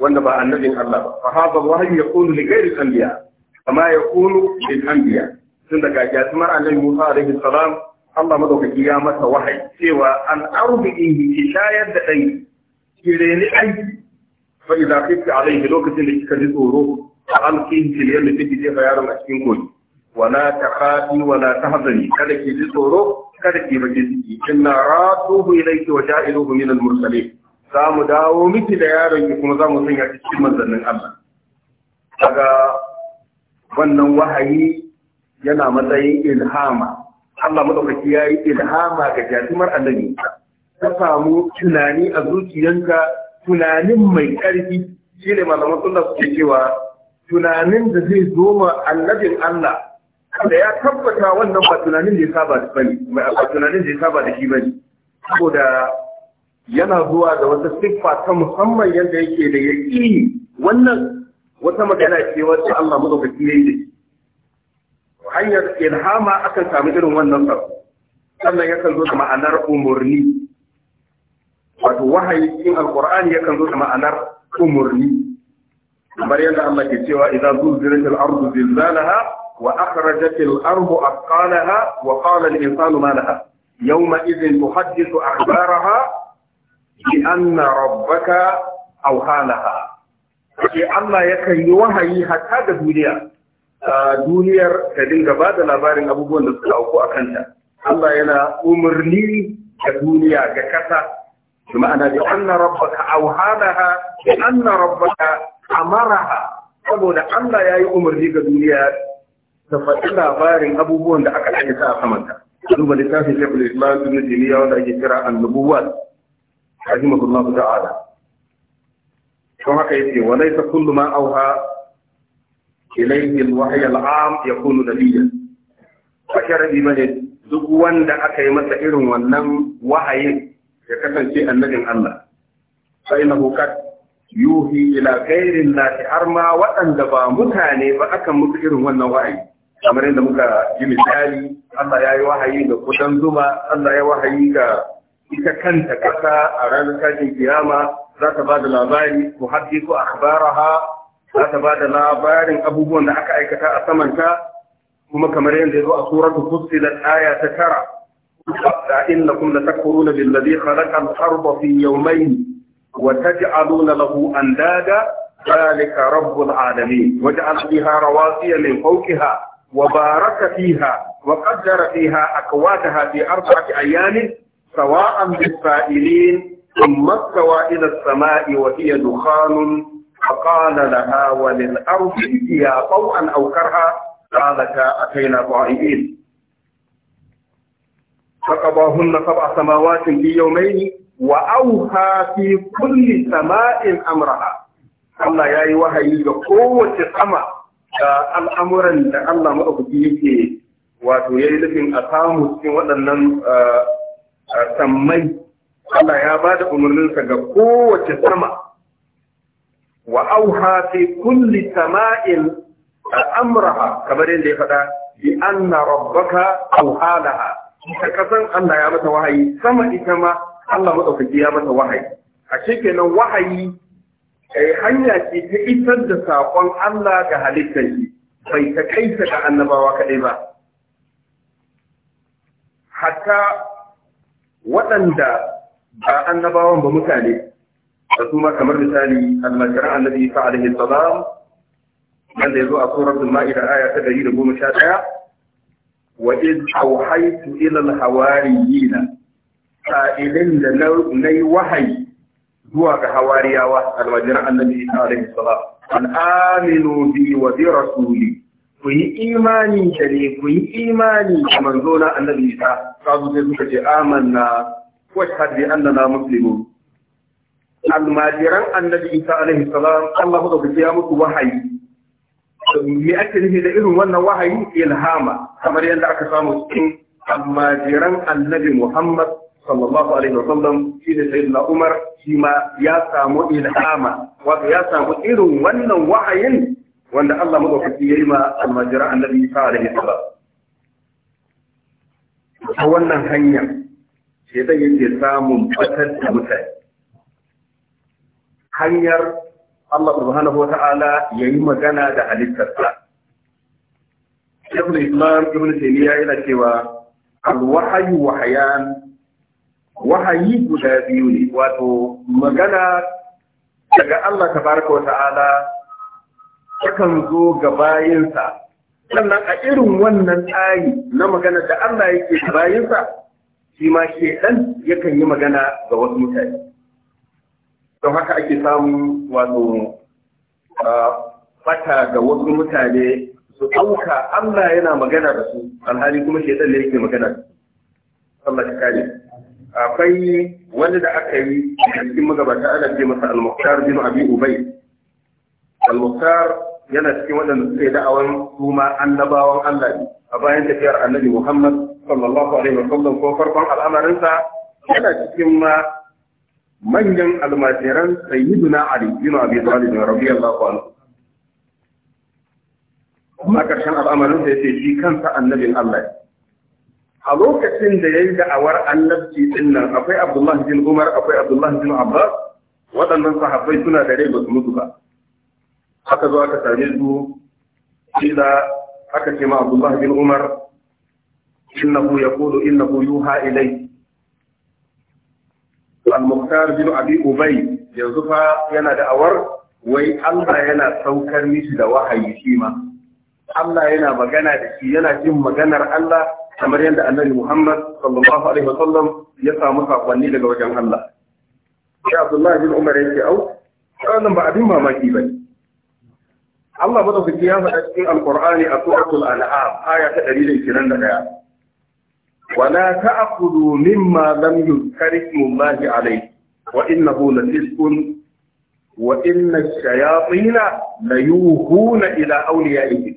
wanda ba annabin Allah ba fa hadha wahyu yakunu li ghairi anbiya kama yakunu lil anbiya tun daga jasmar annabi Musa alaihi salam Allah madaukaki ya masa wahayi cewa an arbihi ki shayar da dai ki reni ai fa idza khifti alaihi lokacin da kika ji tsoro a amkin kiliyar da kike jefa yaron a cikin koyi wala ta khafi wala ta hazari kada ki ji tsoro kada ki baje ciki inna ratuhu ilayki wa ja'iluhu min al-mursalin za mu dawo miki da yaron ki kuma za mu sanya cikin manzannin Allah daga wannan wahayi yana matsayin ilhama Allah madaukaki ya yi ilhama ga jatumar annabi ta samu tunani a zuciyanka tunanin mai ƙarfi shine malaman sunna suke cewa tunanin da zai zo ma annabin Allah da ya tabbata wannan ba tunanin da ya saba da bane ba tunanin da ya saba da shi bane saboda yana zuwa da wata siffa ta musamman yadda yake da yaqini wannan wata magana ce wacce Allah madaukaki yayi da shi hanyar ilhama akan samu irin wannan sa sannan yakan zo da ma'anar umurni wato wahayi cikin alqur'ani yakan zo da ma'anar umurni kamar yadda Allah ke cewa idan zulzilat al-ardu zilzalaha wa akhrajat al-ardu athqalaha wa qala al-insanu ma laha yawma idhin tuhaddithu akhbaraha bi anna rabbaka awhalaha sai Allah yakan yi wahayi hatta da duniya duniyar ta dinga ba da labarin abubuwan da suka auku a kanta. Allah yana umarni ga duniya ga kasa بمعنى لأن ربك أوهامها لأن ربك أمرها saboda Allah ya yi umarni ga duniya ta faɗi labarin abubuwan da aka aikata a samanta. Duba littafin Shekul Islam Ibn wanda ake kira ta'ala. Don haka wa kullu ma auha ilayhi al-wahy al-am yakunu Fa duk wanda aka yi masa irin wannan wahayin ya kasance annabin Allah fa innahu qad yuhi ila ghairi Allah har ma waɗanda ba mutane ba akan musu irin wannan wa'ayi kamar yadda muka yi misali Allah ya yi wahayi ga kudan zuma Allah ya wahayi ga ita kanta kasa a ranar kajin kiyama za ta ba da labari ku ku akhbaraha za ta ba da labarin abubuwan da aka aikata a samanta kuma kamar yadda ya zo a suratu fussilat aya ta tara انكم لتكفرون بالذي خلق الأرض في يومين وتجعلون له أندادا ذلك رب العالمين وجعل فيها رواسي من فوقها وبارك فيها وقدر فيها أكواتها في أربعة أيام سواء للسائلين ثم استوى إلى السماء وهي دخان فقال لها وللأرض يا طوعا أو كرها قالتا أتينا طائعين فقضاهن سبع سماوات في يومين وأوحى في كل سماء أمرها Allah ya yi wahayi ga kowace sama da al'amuran da Allah maɗaukaki yake wato ya yi nufin a samu cikin waɗannan sammai. Allah ya ba da umarninsa ga kowace sama. Wa auha fi kulli sama'in al'amuraha kamar yadda ya faɗa bi anna rabbaka auhalaha ita kasan Allah ya mata wahayi sama ita ma Allah madaukaki ya mata wahayi a kenan wahayi eh, hanya ce ta isar da sakon Allah ga halittar shi bai ta kaita ga annabawa kadai ba hatta waɗanda ba annabawan ba mutane da su ma kamar misali almajiran annabi isa alaihi salam wanda ya zo a suratul ma'ida aya ta 111 wa in auhaitu ila al-hawariyina sa'ilin da nayi wahai zuwa ga hawariyawa almajiran annabi isa alaihi salam an yi imani da ne kun yi imani da manzo na annabi isa kazu sai suka ce amanna wa bi annana muslimun almajiran annabi isa alaihi salam Allah ku ya muku wahayi me ake nufi da irin wannan wahayi ilhama kamar yadda aka samu cikin almajiran annabi Muhammad sallallahu alaihi wasallam shi da sayyidina Umar shi ma ya samu ilhama wato ya samu irin wannan wahayin wanda Allah madaukaki ya yi ma almajiran annabi Isa alaihi salam ta wannan hanya shedan yake samun batar da mutane hanyar Allah subhanahu wa ta'ala ya yi magana da halittarsa. Ibn Islam Ibn Taymiya yana cewa alwahayu wahayan wahayi guda biyu ne wato magana daga Allah tabaraka wa ta'ala zo ga bayinsa sannan a irin wannan tsari na magana da Allah yake bayinsa shi ma shedan yakan yi magana ga wasu mutane. don haka ake samun wato fata ga wasu mutane su ɗauka Allah yana magana da su alhali kuma shaitan ne yake magana da su Allah ka kare akwai wani da aka yi a cikin magabata ana ce masa al-muqtar bin abi ubay al-muqtar yana cikin waɗanda suka yi da'awan su ma annabawan Allah ne a bayan tafiyar annabi Muhammad sallallahu alaihi wa sallam ko farkon al'amarinsa yana cikin ma manyan almajiran sayyiduna ali bin abi talib radiyallahu anhu amma karshen al'amarin da yake shi kansa annabin Allah a lokacin da yayi awar annabci din nan akwai Abdullah bin Umar akwai Abdullah bin Abbas waɗannan sahabbai suna da rai ba su mutu ba aka zo aka same su kila aka ce ma Abdullah bin Umar innahu yaqulu innahu yuha ilayhi al-Muqtar bin Abi Ubay yanzu fa yana da awar wai Allah yana saukar mishi da wahayi shi ma Allah yana magana da shi yana jin maganar Allah kamar yadda Annabi Muhammad sallallahu alaihi wasallam ya samu sakonni daga wajen Allah sai Abdullah bin Umar yake au wannan ba abin mamaki bane Allah madaukaki ya faɗa cikin Al-Qur'ani a suratul An'am aya ta 121 wala ta'khudhu mimma lam yuzkar ismullahi alayhi wa innahu lafisqun wa inna ash-shayatina layuhuna ila awliyaihim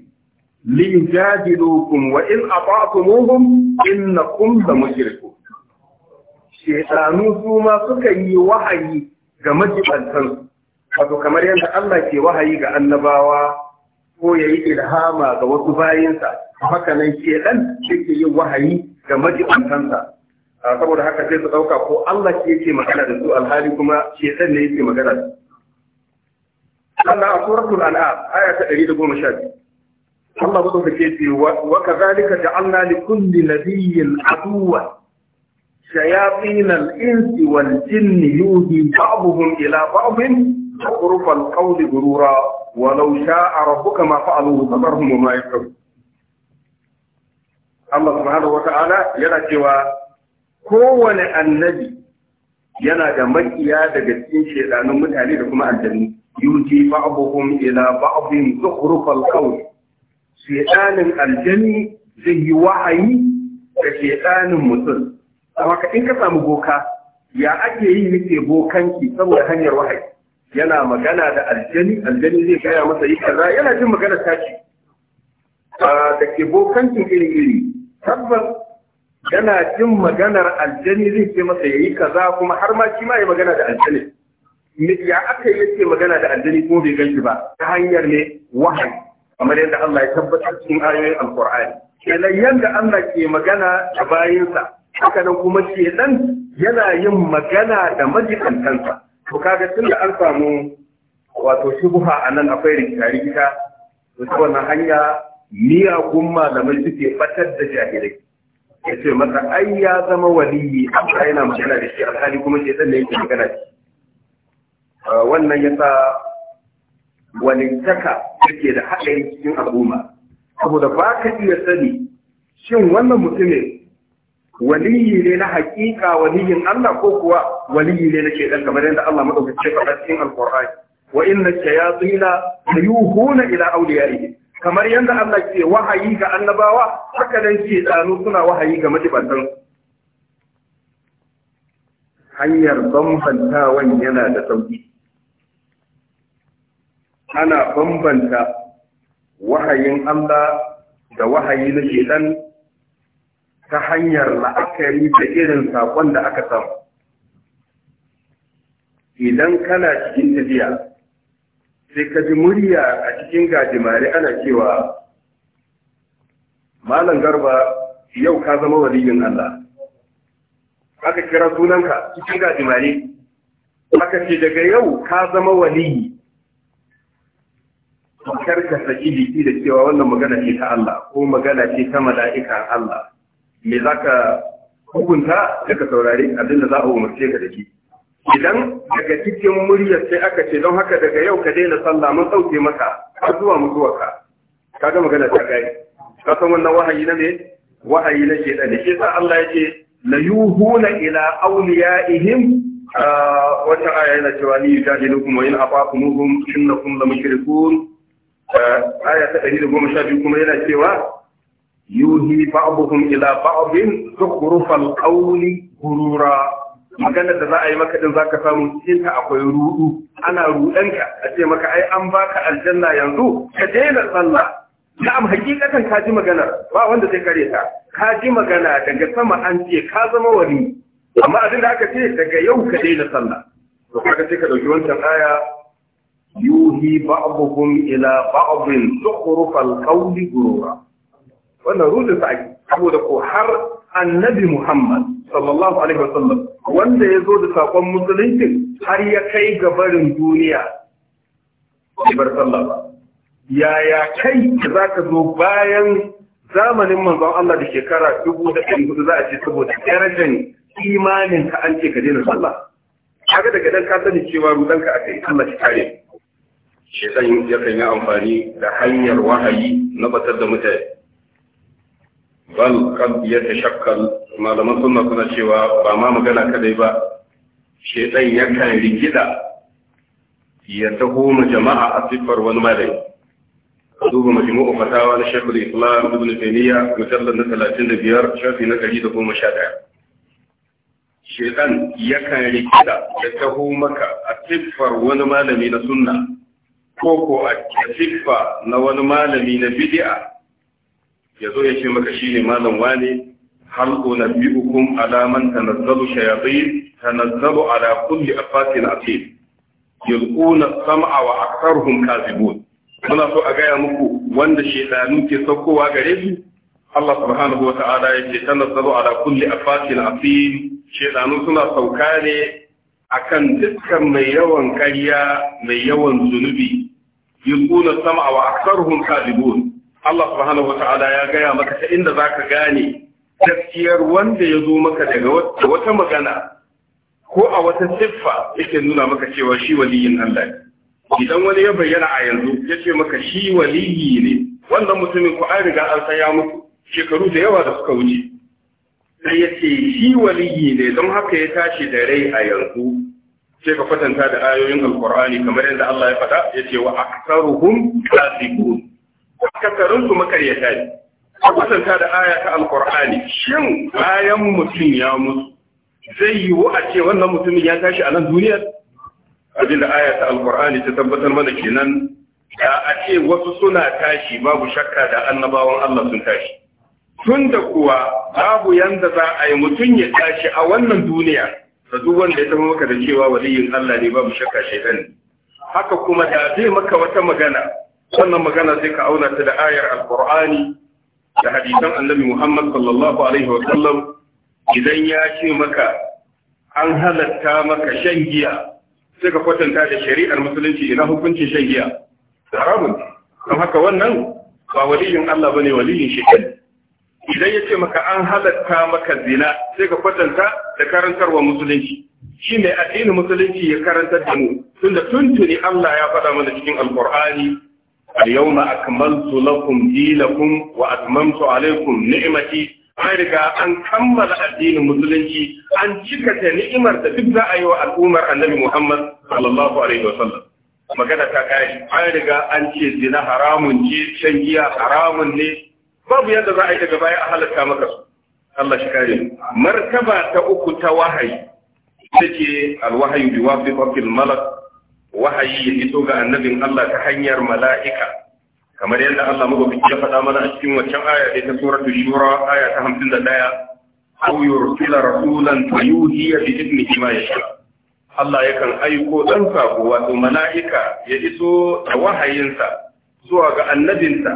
liyujadilukum wa in ata'tumuhum innakum lamushrikun shaytanu su ma suka yi wahayi ga majibantan wato kamar yadda Allah ke wahayi ga annabawa ko yayi ilhama ga wasu bayinsa hakanan nan shedan yake yin wahayi ga majibantansa saboda haka sai su ɗauka ko Allah ke yake magana da su alhali kuma shetan ne yake magana da Allah a suratul al'am aya ta 112 Allah ba da ke ce wa kazalika ja'alna li kulli nabiyyin aduwa shayatin al-insi wal jinni yuhi ba'dhum ila ba'dhin zukhruf al-qawli ghurura wa law sha'a rabbuka ma fa'aluhu fadharhum ma yakrun Allah subhanahu wata'ala yana cewa kowane annabi yana da makiya daga cikin shedanun mutane da kuma aljannu yuji ba'dhum ila ba'dhin zukhrufal qawl shedanin aljanni zai yi wahayi da shedanin mutum amma ka in ka samu boka ya ake yi nake bokanki saboda hanyar wahayi yana magana da aljani aljani zai gaya masa yi kaza yana jin magana ta ce. Ah, da ke bokancin iri-iri tabbas yana jin maganar aljani zai ce masa yayi kaza kuma har ma shi ma yayi magana da aljani ya aka yi magana da aljani ko bai ganshi ba ta hanyar ne wahayi kamar yadda Allah ya tabbatar cikin ayoyin alqur'ani kenan yanda Allah ke magana da bayinsa haka nan kuma ke dan yana yin magana da majikantansa to kaga tunda an samu wato a nan akwai rikita rikita to ta wannan hanya miyagun malamai suke batar da jahilai ya ce masa ai ya zama waliyi amma yana magana da shi alhali kuma shi ne yake magana shi wannan ya sa walintaka suke da haɗari cikin al'umma saboda ba ka iya sani shin wannan mutumin waliyi ne na hakika waliyin Allah ko kuwa waliyi ne na shedan kamar yadda Allah madaukake faɗa cikin alqur'ani wa inna shayatina yuhuna ila awliyaihim kamar yadda Allah ke wahayi ga annabawa haka nan ke tsano suna wahayi ga majibatan hanyar bambantawan yana da sauki ana bambanta wahayin Allah da wahayi na shedan ta hanyar la'akari da irin saƙon da aka samu idan kana cikin tafiya sai ka ji murya a cikin gajimare ana cewa malam garba yau ka zama waliyin Allah aka kira sunanka cikin gajimare aka ce daga yau ka zama waliyi kar ka saki jiki da cewa wannan magana ce ta Allah ko magana ce ta mala'ika Allah me zaka hukunta da ka saurari abin da za a umarce ka da shi idan daga cikin muryar sai aka ce don haka daga yau ka daina sallah mun sauke maka har zuwa zuwa ka ga magana ta kai ka san wannan wahayi na ne wahayi na ke da shi sa Allah yake la yuhuna ila awliyaihim wa aya yana cewa ni yujadilukum wa in afaqumuhum innakum la mushrikun aya ta 112 kuma yana cewa yuhi ba'dhum ila ba'dhin zukhrufal qawli ghurura maganar da za a yi maka din zaka samu cikin ta akwai rudu ana rudanka a ce maka ai an baka aljanna yanzu ka daina sallah na'am hakikatan ka ji magana ba wanda zai kare ta ka ji magana daga sama an ce ka zama wani amma abin da aka ce daga yau ka daina sallah to kaga sai ka dauki wancan aya yuhi ba'dhum ila ba'dhin zukhrufal qawli gurura wannan rudin sa saboda ko har annabi Muhammad sallallahu alaihi wasallam wanda ya zo da sakon musulunci har ya kai ga barin duniya bar sallah ba yaya kai da za ka zo bayan zamanin manzon Allah da shekara dubu za a ce saboda darajar imanin ka an ce ka dena sallah kaga daga dan ka sani cewa rudan ka akai Allah shi kare shedan ya kan yi amfani da hanyar wahayi na batar da mutane kan biyar da yatashakkal malaman sunna suna cewa ba ma magana kadai ba shedan yakan rikida ya taho ma jama'a a siffar wani malami duba majmu'u fatawa na shaykhul islam ibn taymiya mujallad na talatin da biyar shafi na da 111 shedan yakan rikida ya taho maka a siffar wani malami na sunna ko ko a siffa na wani malami na bid'a ya zo ya ce maka shi ne malam wane hal unabbi'ukum ala man tanazzalu shayatin tanazzalu ala kulli afakin atim yulquna sam'a wa aktharuhum kadhibun muna so a gaya muku wanda shedanu ke saukowa gare su Allah subhanahu wa ta'ala ya ce tanazzalu ala kulli afakin atim shedanu suna sauka ne akan dukkan mai yawan ƙarya mai yawan zunubi yulquna sam'a wa aktharuhum kadhibun Allah subhanahu wata'ala ya gaya maka ta inda za ka gane gaskiyar wanda ya zo maka daga wata magana ko a wata siffa yake nuna maka cewa shi waliyin Allah ne. Idan wani ya bayyana a yanzu ya ce maka shi waliyi ne, wannan mutumin ko an riga an muku shekaru da yawa da suka wuce. Sai ya ce shi waliyi ne don haka ya tashi da rai a yanzu sai ka kwatanta da ayoyin alkur'ani kamar yadda Allah ya faɗa ya ce wa aktaruhum fasiqun akasarin su makaryata ne a kusanta da aya ta alkur'ani shin bayan mutum ya mutu zai yi wa a ce wannan mutumin ya tashi a nan duniyar abin da aya ta alkur'ani ta tabbatar mana kenan da a ce wasu suna tashi babu shakka da annabawan Allah sun tashi tun da kuwa babu yanda za a yi mutum ya tashi a wannan duniya da duk wanda ya zama maka da cewa waliyin Allah ne babu shakka shaitan haka kuma da zai maka wata magana wannan magana sai ka auna ta da ayar alqur'ani da hadisan annabi Muhammad sallallahu alaihi wa sallam idan ya ce maka an halatta maka shan giya sai ka kwatanta da shari'ar musulunci ina hukuncin shan giya haramun don haka wannan ba waliyin Allah bane waliyin shaitan idan ya ce maka an halatta maka zina sai ka kwatanta da karantarwa musulunci shi ne addinin musulunci ya karantar da mu tunda tuntuni Allah ya faɗa mana cikin alkur'ani al-yawma akmaltu lakum dinakum wa atmamtu alaykum ni'mati an riga an kammala addinin musulunci an cikata ta ni'imar da duk za a yi wa al'ummar annabi Muhammad sallallahu alaihi wa sallam magana ta kai an riga an ce zina haramun ce shan giya haramun ne babu yadda za a yi daga baya a halatta maka su Allah shi martaba ta uku ta wahayi take alwahyu bi wafiqatil malak wahayi ya fito ga annabin Allah ta hanyar mala'ika kamar yadda Allah mabukaki ya faɗa mana a cikin waccan aya da ta suratul ɗaya. aya ta 51 aw yursila rasulan fayuhiya bi idnihi ma yasha Allah yakan aiko ɗan sako wato mala'ika ya iso da wahayinsa zuwa ga annabinsa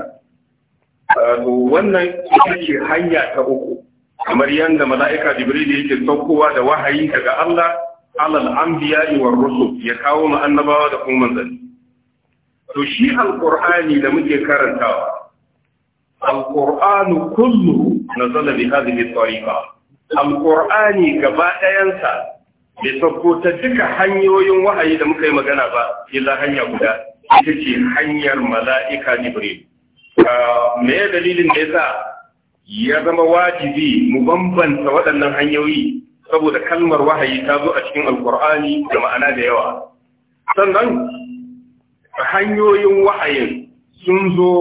to wannan ita ce hanya ta uku kamar yadda mala'ika Jibril yake saukowa da wahayi daga Allah alal anbiya war rusul ya kawo mu annabawa da kuma manzanni to shi alqur'ani da muke karantawa alqur'anu kullu nazala bi hadhihi tariqa alqur'ani gaba ɗayansa bai sauko ta duka hanyoyin wahayi da muka yi magana ba illa hanya guda ita ce hanyar mala'ika jibril me dalilin da yasa ya zama wajibi mu bambanta waɗannan hanyoyi saboda kalmar wahayi ta zo a cikin alkur'ani da ma'ana da yawa sannan hanyoyin wahayin sun zo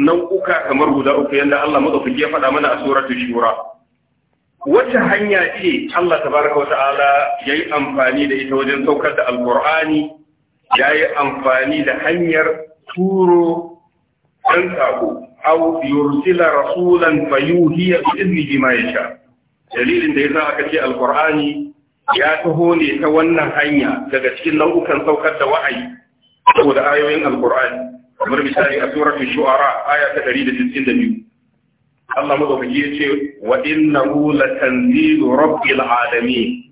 nau'uka kamar guda uku yadda Allah madaukaki ya faɗa mana a suratul shura wacce hanya ce Allah tabaraka wa ta'ala yayi amfani da ita wajen saukar da alkur'ani yayi amfani da hanyar turo dan sako aw yursila rasulan fayuhiya bi ma yasha dalilin da ya sa aka ce alkur'ani ya taho ne ta wannan hanya daga cikin nau'ukan saukar da wa'ayi saboda ayoyin alkur'ani kamar misali a suratul shu'ara aya ta 162 Allah madaukaki yace wa innahu latanzilu rabbil alamin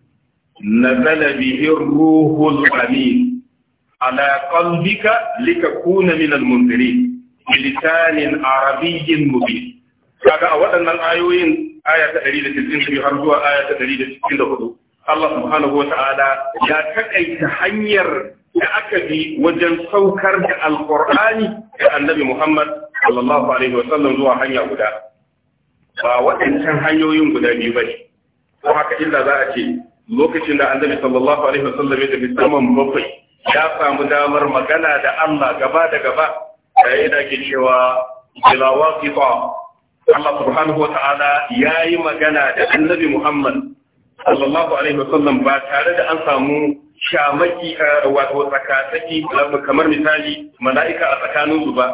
nazala bihi ruhul amin ala qalbika litakuna minal munzirin بلسان عربي مبين kaga a waɗannan ayoyin aya ta ɗari da 192 har zuwa aya ta ɗari da da hudu, Allah subhanahu wata'ala ya taƙaita hanyar da aka bi wajen saukar da alƙur'ani da annabi Muhammad sallallahu alaihi wa sallam zuwa hanya guda ba waɗancan hanyoyin guda biyu ba ne ko haka illa za a ce lokacin da annabi sallallahu alaihi wa sallam ya tafi saman bakwai ya samu damar magana da Allah gaba da gaba da yadda ke cewa ila waqifa Allah subhanahu wa ta'ala ya yi magana da annabi Muhammad sallallahu alaihi wasallam ba tare da an samu shamaki eh, wato tsakatsaki kamar misali mala'ika a tsakaninsu ba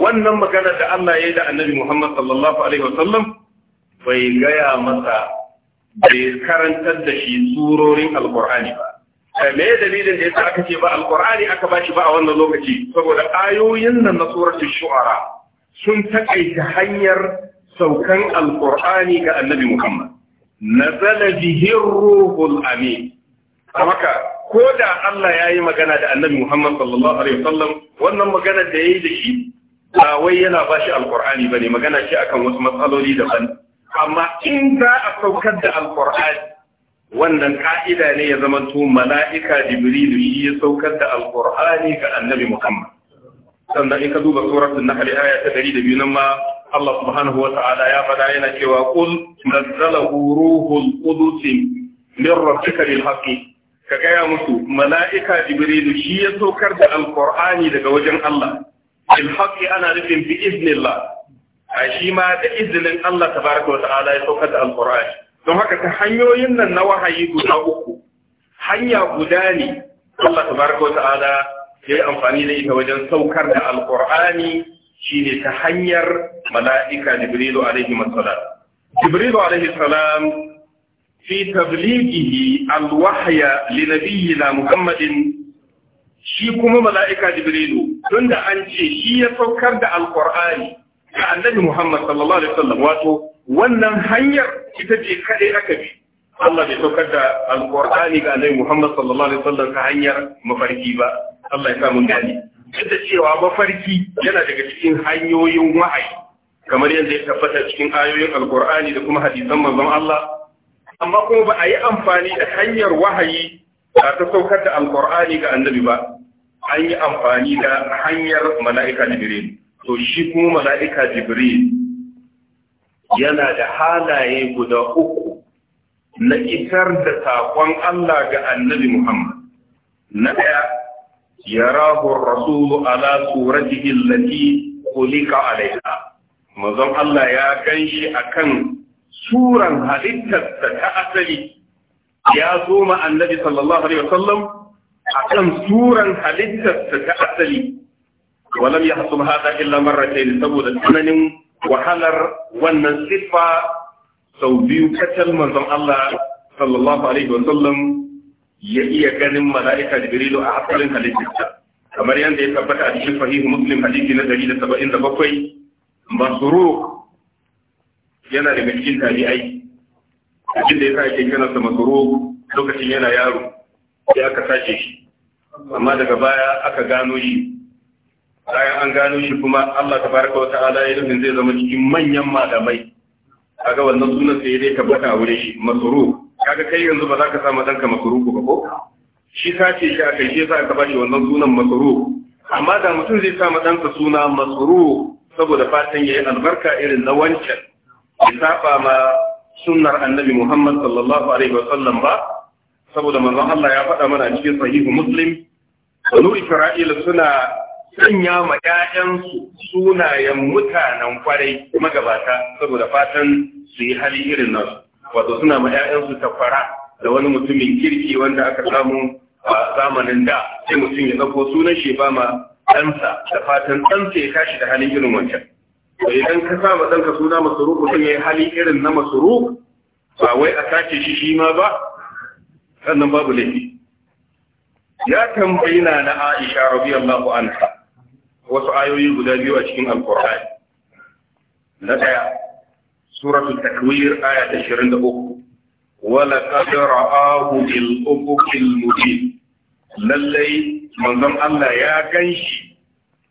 wannan magana da Allah ya yi da annabi Muhammad sallallahu alaihi wasallam bai gaya masa bai karantar da shi surorin alkur'ani ba eh, me dalilin da yasa aka ce ba alkur'ani aka ba shi ba a wannan lokaci saboda ayoyin nan na suratul shu'ara sun taƙaita hanyar saukan alkur'ani ga annabi Muhammad. Nazala bihin ruhul amin. A ko da Allah ya yi magana da annabi Muhammad sallallahu Alaihi wasallam wannan magana da ya yi da shi, ba wai yana ba shi alƙur'ani ba ne magana ce akan wasu matsaloli daban. Amma in za a saukar da alkur'ani wannan ka'ida ne ya zamanto mala'ika Jibrilu shi ya saukar da alkur'ani ga annabi Muhammad. sannan in ka duba suratul nahl aya ta 102 nan ma Allah subhanahu wata'ala ya fada yana cewa qul nazzalahu ruhul qudus min rabbika bil haqqi ka gaya musu mala'ika jibrilu shi ya saukar da alqur'ani daga wajen Allah bil haqqi ana nufin bi iznillah a shi ma da izinin Allah tabaraka wata'ala ya saukar da alqur'ani don haka ta hanyoyin nan na wahayi guda uku hanya guda ne Allah tabaraka wata'ala ya yi amfani da ita wajen saukar da alƙur'ani shine ta hanyar mala'ika jibrilu alaihi salam jibrilu alaihi salam fi tablighihi alwahya li nabiyyina muhammadin shi kuma mala'ika jibrilu da an ce shi ya saukar da alƙur'ani ga annabi muhammad sallallahu alaihi wasallam wato wannan hanyar ita ce kaɗai aka bi Allah bai saukar da alƙur'ani ga Annabi Muhammad sallallahu alaihi wasallam ta hanyar mafarki ba Allah ya sa mun gani duk cewa mafarki yana daga cikin hanyoyin wahayi kamar yadda ya tabbata cikin ayoyin alƙur'ani da kuma hadisan manzon Allah amma kuma ba a yi amfani da hanyar wahayi da ta saukar da alƙur'ani ga Annabi ba an yi amfani da hanyar mala'ika Jibril to shi kuma mala'ika Jibril yana da halaye guda uku na isar da saƙon Allah ga annabi Muhammad. Na ɗaya, ya rahun rasulu ala suratihi lati kulika alaiha. Mazan Allah ya gan shi a kan suran halittarsa ta asali. Ya zo ma annabi sallallahu alaihi wasallam a kan suran halittarsa ta asali. Walam ya hasu hada illa marratain saboda tsananin wahalar wannan siffa sau biyu kacal manzon Allah sallallahu alaihi wasallam ya iya ganin mala'ika jibrilu a hasalin halittarsa kamar yadda ya tabbata a cikin sahihu muslim hadisi na 177 masruq yana daga cikin tabi'ai cikin da yasa yake kiransa masruq lokacin yana yaro sai aka sace shi amma daga baya aka gano shi bayan an gano shi kuma Allah tabaraka wa ta'ala ya zai zama cikin manyan malamai kaga wannan sunan sai dai tabbata a wurin shi masuru kaga kai yanzu ba za ka sa masuru ko ba ko shi sace shi a kai shi za ka bashi wannan sunan masuru amma da mutum zai sa madanka suna masuru saboda fatan yi albarka irin na wancan ya saba ma sunnar annabi Muhammad sallallahu alaihi wa sallam ba saboda manzon Allah ya faɗa mana cikin sahihu muslim banu isra'ila suna sanya ma ‘ya'yansu sunayen mutanen kwarai magabata saboda fatan su yi hali irin nasu wato suna ma ‘ya'yansu fara da wani mutumin kirki wanda aka samu a zamanin da sai mutum ya ɗauko sunan shi ba ma ɗansa da fatan ɗansa ya tashi da halin irin wancan to idan ka sa ma ɗanka suna masuru mutum ya yi hali irin na masuru ba wai a sace shi shi ma ba sannan babu laifi ya tambayi na na Aisha radiyallahu anha wasu ayoyi guda biyu a cikin alkur'ani na daya suratul takwir aya ta 23 wala qad ahu bil ufuqil mubin lallai manzon Allah ya ganshi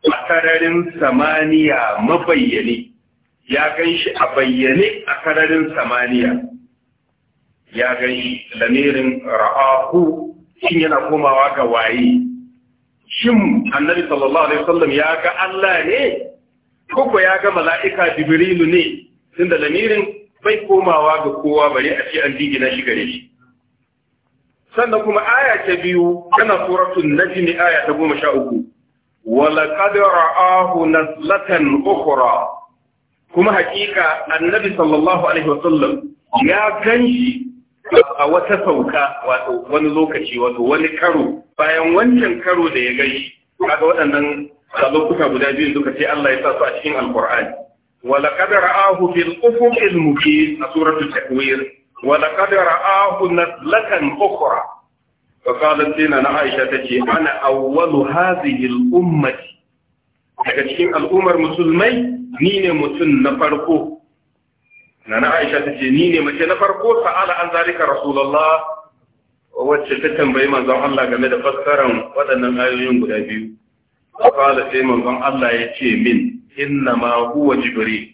a sararin samaniya mabayyane ya ganshi a bayyane a sararin samaniya ya ganshi lamirin ra'ahu shin yana komawa ga waye shin annabi sallallahu alaihi wasallam ya ga Allah ne koko ya ga mala'ika jibrilu ne tunda lamirin bai komawa ga kowa bare a ce an jingina shi gare shi sannan kuma aya ta biyu kana suratul najm aya ta 13 wa laqad ra'ahu nazlatan ukhra kuma hakika annabi sallallahu alaihi wasallam ya ganshi a wata sauka wato wani lokaci wato wani karo bayan wancan karo da ya gani kaga waɗannan lokuta guda biyu duka sai Allah ya sa su a cikin alqur'ani wa laqad ra'ahu fil ufuqil mubin a suratul takwir wa laqad ra'ahu nazlatan ukhra fa qalat lana na Aisha tace ana awwalu hadhihi al ummati daga cikin al'ummar musulmai ni ne mutum na farko Na aisha ta ce ni ne mace na farko sa'ala an zalika rasulullah wacce ta tambayi manzon Allah game da fassaran waɗannan ayoyin guda biyu qala sai manzon Allah ya ce min inna ma huwa jibril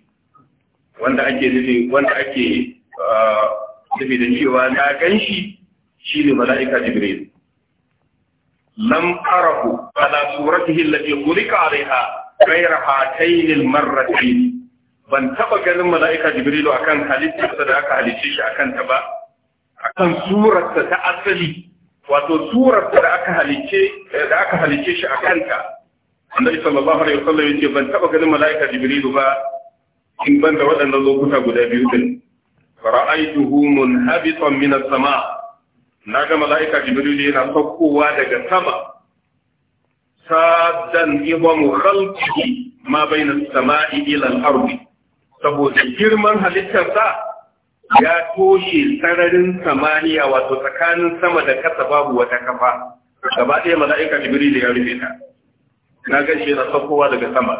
wanda ake nufi wanda ake ah, nufi da cewa na ganshi shine mala'ika jibril lam arahu ala suratihi allati khuliqa alaiha ghayra hatayn al marratayn ban taba ganin mala'ika jibrilu akan halittarsa da aka halicce shi akan ta ba A kan surarsa ta asali wato surarsa da aka halicce da aka halicce shi akan ta annabi sallallahu alaihi wasallam yace ban taba ganin mala'ika jibrilu ba in ban da waɗannan lokuta guda biyu din fara'aituhu munhabitan min as-sama naga mala'ika jibrilu yana saukowa daga sama saddan idhamu khalqihi ma bayna as-sama'i ila al-ardi saboda girman halittarsa ya toshe sararin samaniya wato tsakanin sama da kasa babu wata kafa gaba ɗaya mala'ika da ya rufe ta na ganshi na saukowa daga sama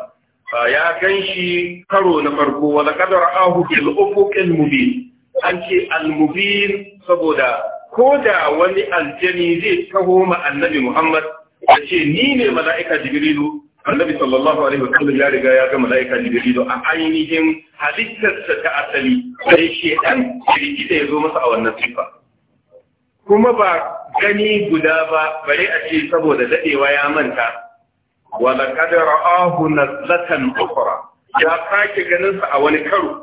ya ganshi karo na farko wala kadar ahu bil ufuqil mubin an ce al mubin saboda ko da wani aljani zai taho ma annabi muhammad ya ce ni ne mala'ika jibrilu annabi sallallahu alaihi wasallam ya riga ya ga malaika jibrilu a ainihin halittarsa ta asali sai shedan da ya zo masa a wannan sifa kuma ba gani guda ba bare a ce saboda dadewa ya manta wa laqad ra'ahu nazlatan ukhra ya sake ganin sa a wani karo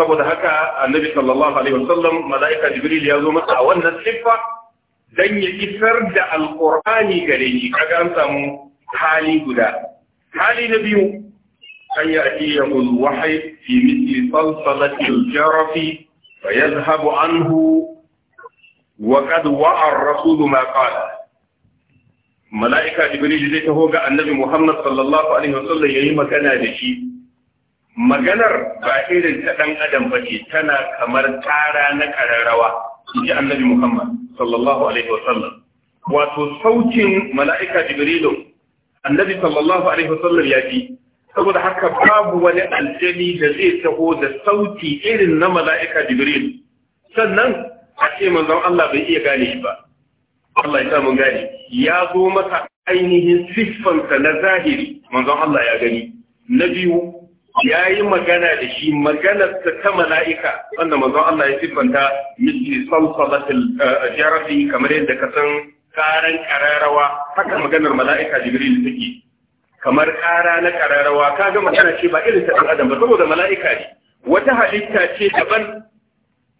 saboda haka annabi sallallahu alaihi wasallam malaika jibril ya zo masa a wannan sifa dan ya isar da alqur'ani gare shi kaga an samu hali guda hali na biyu an ya'tiyahu al-wahyi fi mithli salsalati al-jarafi fa yadhhabu anhu wa qad wa'a ar a ma qala mala'ika jibril zai taho ga annabi muhammad sallallahu alaihi wasallam yi magana da shi maganar ba irin ta ɗan adam ba ce tana kamar tara na ƙararrawa ji annabi muhammad sallallahu alaihi wasallam wato saukin mala'ika jibrilu annabi sallallahu alaihi wasallam ya ji saboda haka babu wani aljani da zai taho da sauti irin na mala'ika jibril sannan a ce manzon Allah bai iya gane shi ba Allah ya mun gane ya zo mata ainihin siffanta na zahiri manzon Allah ya gani na biyu ya yi magana da shi maganarsa ta mala'ika wanda manzon Allah ya siffanta misli salsalatul eh, jarabi kamar yadda ka san karan kararrawa haka maganar mala'ika jibril take kamar kara na kararrawa kaga magana ce ba irin ta dan adam ba saboda mala'ika ne wata halitta ce daban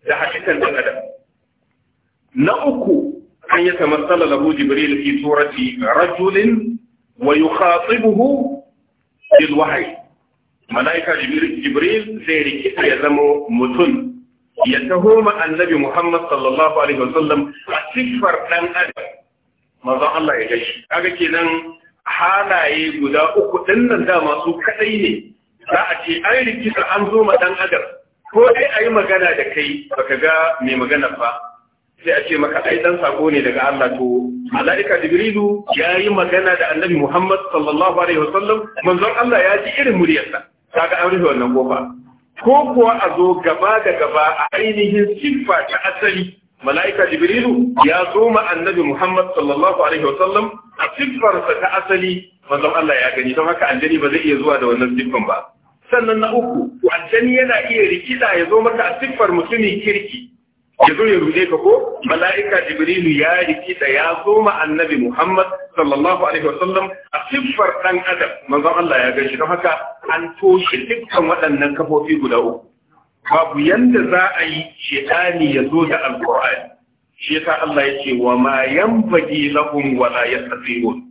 da halittar dan adam na uku an ya tamassala lahu jibril fi surati rajulin wa yukhatibuhu bil wahyi mala'ika jibril zai rikita ya zama mutum ya taho ma annabi Muhammad sallallahu alaihi wasallam a siffar dan adam manzon Allah ya shi. kaga kenan halaye guda uku din nan dama su kadai ne za a ce an rikisa an zo ma dan adam ko dai ayi magana da kai baka ga mai magana ba sai a ce maka ai dan sako ne daga Allah to malaika jibrilu yi magana da annabi Muhammad sallallahu alaihi wasallam manzon Allah ya ji irin muryarsa kaga an rufe wannan kofa ko kuwa a zo gaba da gaba a ainihin siffa ta asali mala'ika jibrilu ya zo ma annabi muhammad sallallahu alaihi wasallam a siffarsa ta asali manzon Allah ya gani don haka aljani ba zai iya zuwa da wannan siffan ba sannan na uku aljani yana iya rikida ya zo maka a siffar mutumin kirki ya zo ya rude ka ko mala'ika jibrilu ya rikida ya zo ma annabi muhammad sallallahu alaihi wasallam a siffar ɗan adam manzon Allah ya gani don haka an toshe dukkan waɗannan kafofi guda uku babu yanda za a yi shaitani ya zo da alkur'ani shi yasa Allah ya ce wa ma yanbaghi lahum wa la yastati'un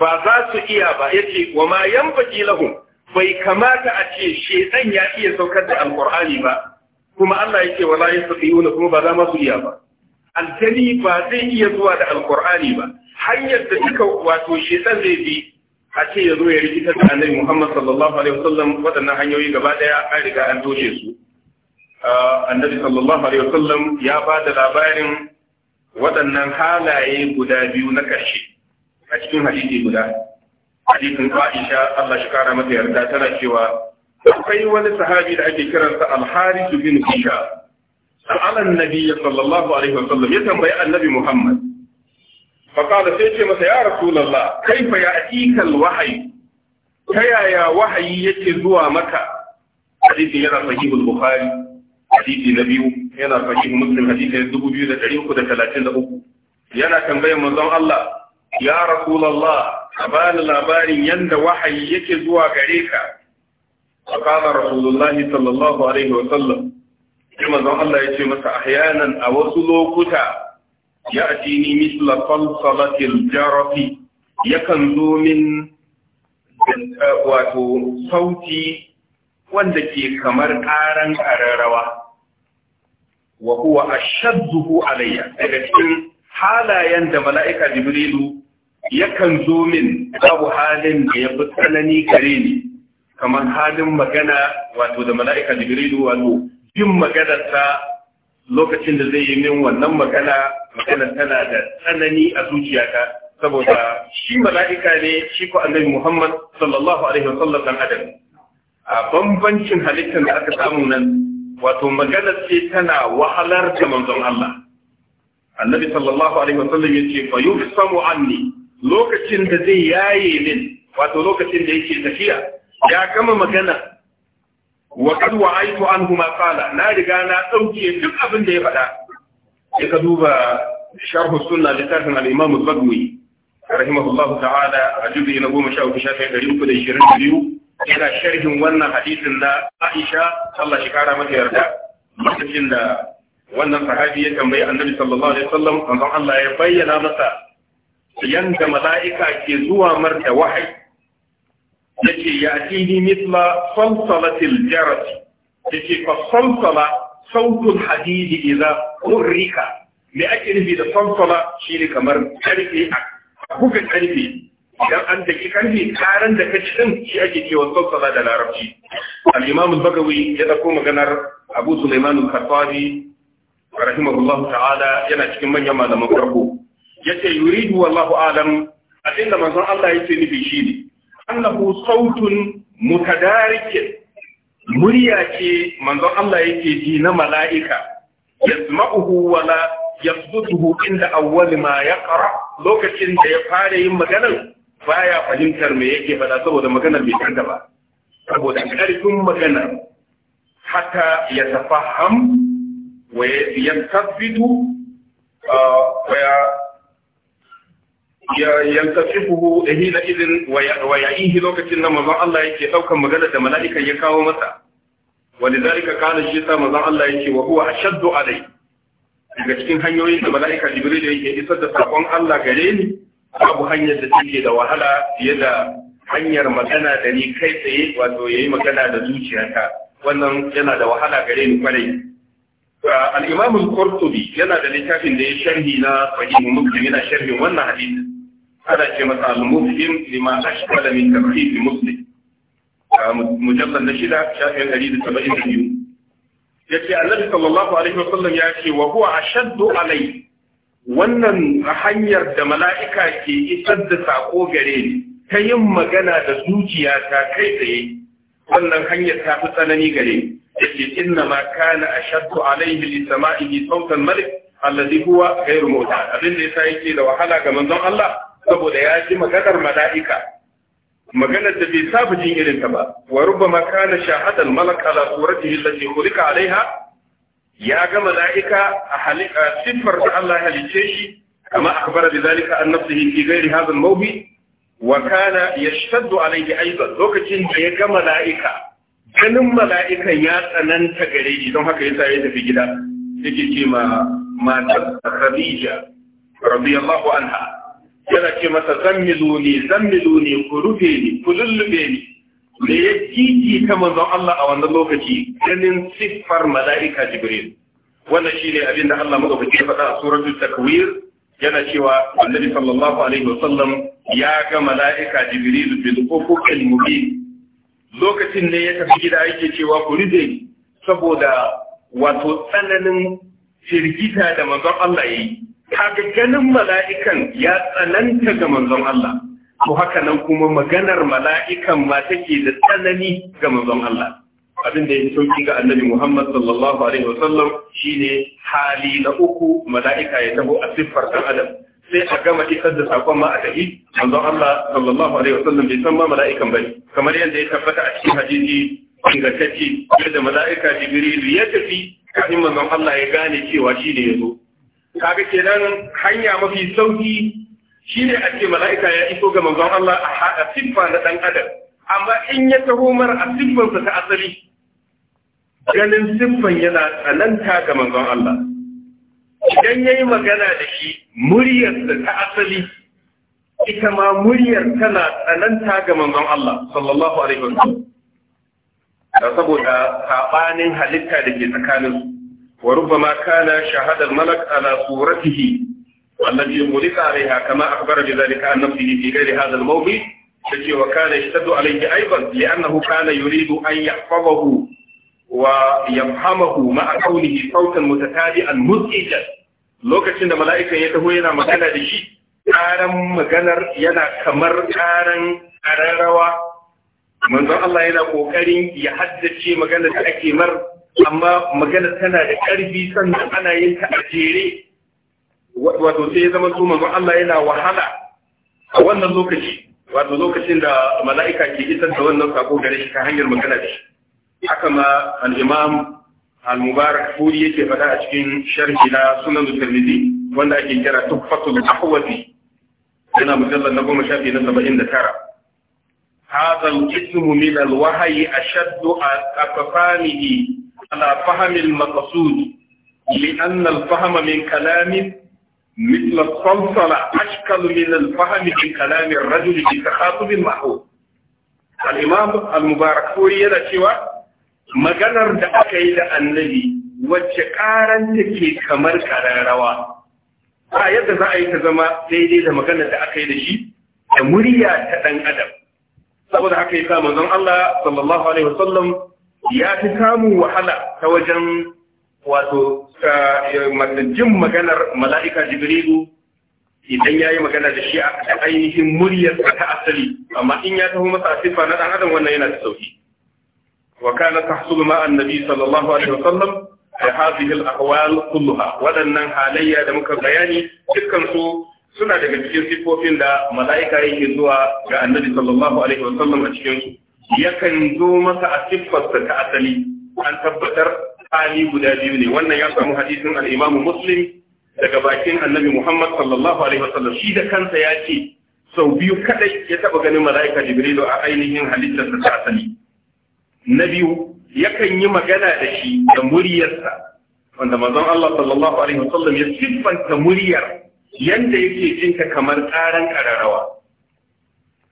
ba za su iya ba yace wa ma yanbaghi lahum bai kamata a ce shaitan ya iya saukar da alkur'ani ba kuma Allah ya ce wa la yastati'un kuma ba za ma su iya ba aljani ba zai iya zuwa da alkur'ani ba hanyar da duka wato shaitan zai bi a ce ya zo ya rikitar da annabi Muhammad sallallahu alaihi wasallam waɗannan hanyoyi gaba ɗaya an riga an toshe su Uh, annabi sallallahu alaihi wasallam ya ba da labarin waɗannan halaye guda biyu na ƙarshe a cikin hadisi guda hadisin Aisha Allah shi kara mata yarda tana cewa akwai wani sahabi da ake kiransa al-Harith bin Hisham sa'ala an sallallahu alaihi wasallam ya tambayi annabi Muhammad fa qala sai ce masa ya rasulullah kaifa ya'tika al-wahyi ta yaya wahayi yake zuwa maka hadisi yana sahihul bukhari hadisi na biyu yana sahih muslim hadisi dubu biyu da ɗari uku da talatin da uku yana tambayar manzon Allah ya rasulullah ka bani labarin yanda wahayi yake zuwa gare ka فقال رسول الله صلى الله عليه وسلم كما ذا الله يجي مسا احيانا او سلوكتا ياتيني مثل صلصله Yakan zo min eh, wato sauti wanda ke kamar ƙaran ƙararrawa wa a shadduhu alayya daga cikin halayen da mala'ika jibrilu yakan zo min babu halin da ya fi tsanani gare ni kamar halin magana wato da mala'ika jibrilu wato yin maganarsa lokacin da zai yi min wannan magana magana tana da tsanani a zuciyata saboda shi mala'ika ne shi ko annabi Muhammad sallallahu alaihi wa sallam dan adam a bambancin halittar da aka samu nan wato magana ce tana wahalar da manzon Allah annabi sallallahu alaihi wasallam yace fa yufsamu anni lokacin da zai yaye min wato lokacin da yake tafiya ya gama magana wa qad wa'aytu anhu ma qala na riga na dauke duk abin da ya faɗa sai ka duba sharh sunna littafin al-imam al-bagwi rahimahullahu ta'ala a juzu na ishirin da biyu. yana sharhin wannan hadisin da Aisha Allah shi kara mata yarda lokacin da wannan sahabi ya tambayi Annabi sallallahu alaihi wasallam manzon Allah ya bayyana masa yanda mala'ika ke zuwa marta wahayi yace ya tini mithla salsalatil jarat yace fa salsala sautul hadidi idza urrika me ake nufi da salsala shine kamar karfe a bugun karfe idan an daki karfe karan da kaci din shi ake cewa sassana da larabci al-imam al-bagawi ya dauko maganar abu sulaiman al-karfawi rahimahullahu ta'ala yana cikin manyan malaman farko yace yuridu wallahu alam abinda manzon Allah yake nufi shine annahu sautun mutadarikin murya ce manzon Allah yake ji na mala'ika yasma'uhu wala yasbutuhu inda awwal ma yaqra lokacin da ya fara yin maganar baya fahimtar me yake faɗa saboda maganar bai canza ba saboda ƙarfin magana. haka ya tafaham wa ya tabbitu ah, wa ya yantasifuhu hina idin wa ihi lokacin nan manzon Allah yake daukan magana da mala'ikan ya kawo masa ولذلك قال الشيطان manzon Allah yake wa huwa ashaddu alai daga cikin hanyoyin da mala'ika Jibril yake isar da sakon Allah gare ni babu hanyar da take da wahala fiye da hanyar magana da ni kai tsaye wato yayi magana da zuciyarka wannan yana da wahala gare ni kwarai al-imam al-qurtubi yana da littafin da ya sharhi na sahih muslim yana sharhin wannan hadisi ana ce masa al-muslim lima ashkala min tafsir muslim mujallal na shida shafin 172 yace annabi sallallahu alaihi wasallam ya ce wa huwa ashaddu alayhi wannan hanyar da mala'ika ke isar da sako gare ni ta yin magana da zuciyata kai tsaye wannan hanyar ta fi tsanani gare ni yake inna ma kana ashaddu alaihi li sama'ihi sautan malik alladhi huwa ghayru Mota. abin da yasa yake da wahala ga manzon Allah saboda ya ji maganar mala'ika maganar da bai saba jin irin ta ba wa rubbama kana shahadal malak ala suratihi allati khuliqa alaiha ya ga mala'ika a halika siffar da Allah ya halice shi kama akbara da zalika an nafsihi fi ghairi hadha al-mawdi wa kana yashtaddu alayhi aiza lokacin da ya ga mala'ika ganin mala'ikan ya tsananta gare shi don haka yasa ya tafi gida yake ce ma matar Khadija radiyallahu anha yana ce masa zammiluni zammiluni ku rufe ni ku lullube ni me ya kiki ta manzon Allah a wannan lokaci ganin siffar mala'ika Jibril wannan shine abin da Allah madaukaki ya faɗa a suratul takwir yana cewa annabi sallallahu alaihi sallam, ya ga mala'ika Jibril bil ufuqil mubin lokacin ne ya tafi gida yake cewa ku rije saboda wato tsananin firgita da manzon Allah yayi kaga ganin mala'ikan ya tsananta ga manzon Allah Ko hakanan kuma maganar mala'ikan ma take da tsanani ga manzon Allah abin da ya sauki ga annabi Muhammad sallallahu alaihi wasallam ne hali na uku mala'ika ya tabo a siffar dan adam sai a gama isar da sakon ma a tafi manzon Allah sallallahu alaihi wasallam bai san ma mala'ikan bane kamar yadda ya tabbata a cikin hadisi ingantacce yadda mala'ika Jibrilu ya tafi kafin manzon Allah ya gane cewa shi ne ya zo kaga kenan hanya mafi sauƙi. Shi ne ake mala'ika ya iso ga manzon Allah a haɗa siffa na ɗan adam amma in ya taho mara a siffansa ta asali ganin siffan yana tsananta ga manzon Allah idan ya yi magana da shi muryarsa ta asali ita ma muryar tana tsananta ga manzon Allah sallallahu alaihi wasallam da saboda saɓanin halitta da ke tsakanin wa ma kana shahadar malak ala suratihi والذي ملك عليها كما أخبر بذلك عن نفسه في غير هذا الموضع تجي وكان يشتد عليه أيضا لأنه كان يريد أن يحفظه ويفهمه مع كونه صوتا متتابعا مزعجا lokacin da mala'ikan ya taho yana magana da shi ƙaran maganar yana kamar ƙaran ƙararrawa manzon Allah yana ƙoƙarin ya haddace magana da ake mar amma magana tana da ƙarfi sannan ana yin a wato sai ya zama su manzo Allah yana wahala a wannan lokaci wato lokacin da mala'ika ke isar da wannan sako gare shi ta hanyar magana da shi haka ma al-imam al-mubarak furi yake faɗa a cikin sharhi na sunan tirmidhi wanda ake kira tuhfatul ahwazi yana mujallal na goma shafi na saba'in da tara هذا الاسم من الوحي أشد أكفانه على فهم المقصود لأن الفهم من كلام مثل الصلصلة أشكل من الفهم من كلام da في تخاطب معه الإمام المبارك فوري maganar da aka yi da annabi wacce karanta ke kamar kararrawa ba yadda za a yi ta zama daidai da maganar da aka yi da shi da murya ta ɗan adam saboda haka yi sa manzon Allah sallallahu alaihi wasallam ya fi samun wahala ta wajen wato jin maganar mala'ika jibrilu idan ya yi magana da shi a ainihin muryar ta asali amma in ya taho masa sifa na ɗan adam wannan yana da sauki wa kana tahsulu ma annabi sallallahu alaihi wasallam da hadhihi al-ahwal kulluha waɗannan halayya da muka bayani dukkan su suna daga cikin sifofin da mala'ika yake zuwa ga annabi sallallahu alaihi wasallam a cikin su yakan zo masa a siffarsa ta asali an tabbatar hali guda biyu ne wannan ya samu hadisin al Muslim daga bakin Annabi Muhammad sallallahu alaihi wasallam shi da kansa ya ce sau biyu kadai ya taba ganin mala'ika Jibrilu a ainihin halittar ta asali na biyu yakan yi magana da shi da muryarsa wanda mazan Allah sallallahu alaihi wasallam ya siffanta muryar yanda yake jinka kamar karan ƙararrawa.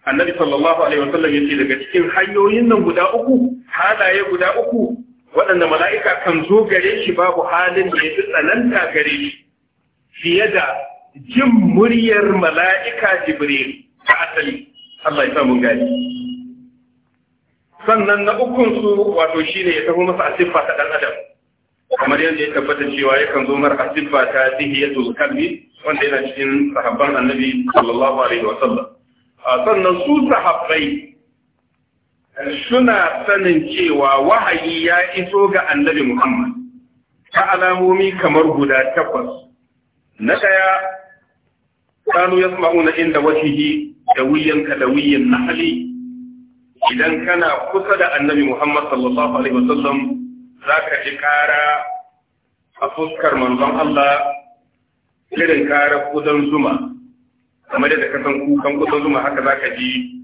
annabi sallallahu alaihi wasallam ce daga cikin hanyoyin nan guda uku halaye guda uku waɗanda mala'ika kan zo gare shi babu halin da ya fi tsananta gare shi fiye da jin muryar mala'ika jibril ta asali Allah ya samu gani sannan na ukun su wato shine ya taho masa asiffa ta ɗan adam kamar yadda ya tabbata cewa yakan zo mara asiffa ta zihiyatul kalbi wanda yana cikin sahabban annabi sallallahu alaihi wa sallam sannan su sahabbai suna sanin cewa wahayi ya iso ga annabi Muhammad ta alamomi kamar guda takwas. Na ɗaya, kanu ya ma'una inda wahihi da wuyan ka da wuyan na hali. Idan kana kusa da annabi Muhammad sallallahu Alaihi wasallam za ka ji kara a fuskar manzon Allah irin kara kudan zuma. Kamar da ka san kukan kudan zuma haka za ka ji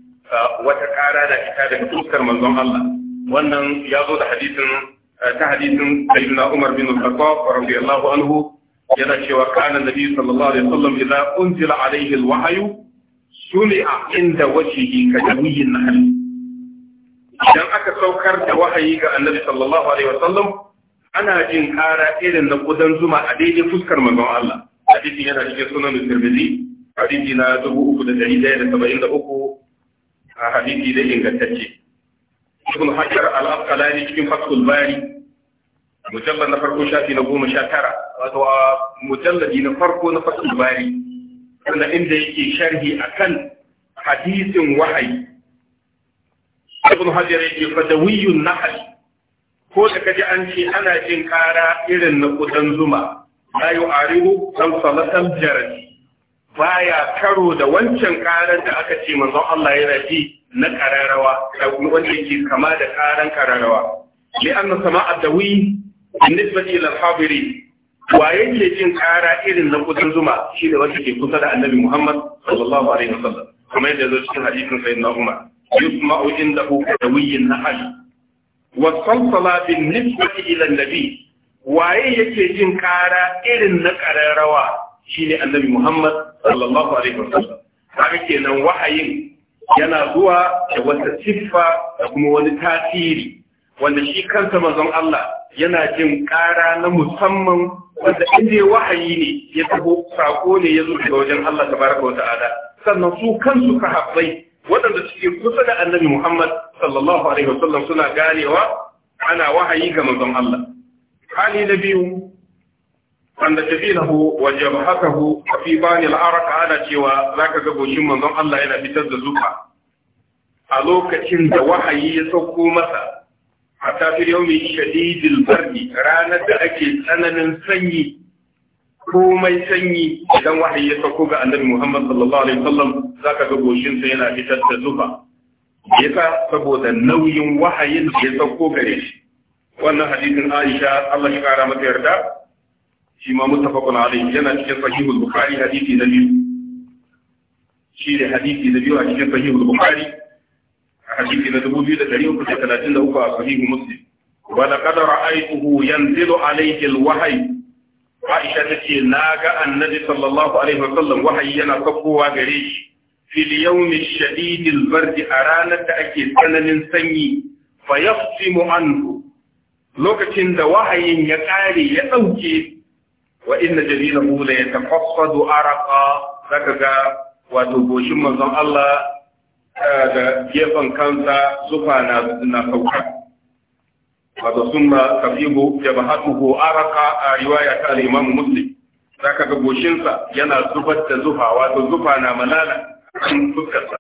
wata ƙara da ita daga fuskar manzon Allah wannan ya zo da hadisin eh, ta hadisin sayyidina Umar bin Al-Khattab radiyallahu anhu yana cewa kana nabi sallallahu alaihi wasallam idza unzila alaihi alwahyu sumi'a inda wajhihi ka jami'in nahl idan aka saukar da wahayi ga annabi sallallahu alaihi wasallam ana jin kara irin na kudan zuma a daidai fuskar manzon Allah hadisi yana cikin sunan Tirmidhi hadisi na 3173 a hadisi da ingantacce ibn hajar al-asqalani cikin fathul bari mujallad na farko shafi na goma sha tara wato mujalladi na farko na fathul bari wanda inda yake sharhi akan hadisin wahayi ibn hajar yake fadawiyyun nahl ko da kaji an ce ana jin kara irin na kudan zuma la yu'aribu salsalatan jarati baya karo da wancan karan da aka ce manzon Allah yana ji na kararrawa wanda yake kama da karan kararrawa li anna sama'a dawi nisbati ila al-habiri wa yake jin kara irin na kudin zuma shi da wanda ke kusa da annabi Muhammad sallallahu alaihi wasallam kuma yadda zo cikin hadisin sayyidina Umar yusma'u indahu dawiyyin nahal wa salsala bin nisbati ila an-nabi waye yake jin kara irin na kararrawa shine annabi Muhammad sallallahu alaihi wasallam haka kenan wahayin yana zuwa da wata siffa da kuma wani tasiri wanda shi kansa mazan Allah yana jin ƙara na musamman wanda inda wahayi ne ya taho sako ne ya zo daga wajen Allah tabaraka wa ta'ala sannan su kansu sahabbai waɗanda suke kusa da annabi Muhammad sallallahu alaihi wasallam suna ganewa ana wahayi ga mazan Allah hali na biyu wanda waje wa jabhatahu fi bani la'arar arq ana cewa zaka ga goshin manzon Allah yana fitar da zufa a lokacin da wahayi ya sauko masa a tafir yaumi shadidil bardi ranar da ake tsananin sanyi komai sanyi idan wahayi ya sauko ga annabi Muhammad sallallahu alaihi wasallam ka ga goshin yana fitar da zufa yasa saboda nauyin wahayin da ya sauko gare shi wannan hadisin Aisha Allah ya kara mata yarda shi ma muttafaqun alayhi yana cikin sahih al-bukhari hadisi na biyu shi ne hadisi na biyu a cikin sahih al-bukhari hadisi na 2333 a sahih muslim wa laqad ra'aytuhu yanzilu alayhi al-wahyi Aisha tace na ga annabi sallallahu alaihi wa sallam wahayi yana sakkowa gare shi fil yawmi shadid al-bard a ranar da ake tsananin sanyi fa yaqsimu anhu lokacin da wahayin ya kare ya dauke wa inna jalilahu la yatafassadu araqa zaka ga wato goshin manzon Allah eh, da gefen kansa zufa na sauka wato summa kafibu ko araka a riwaya ta al-Imam Muslim zaka ga goshinsa yana zubar da zufa wato zufa na malala kan fuskarsa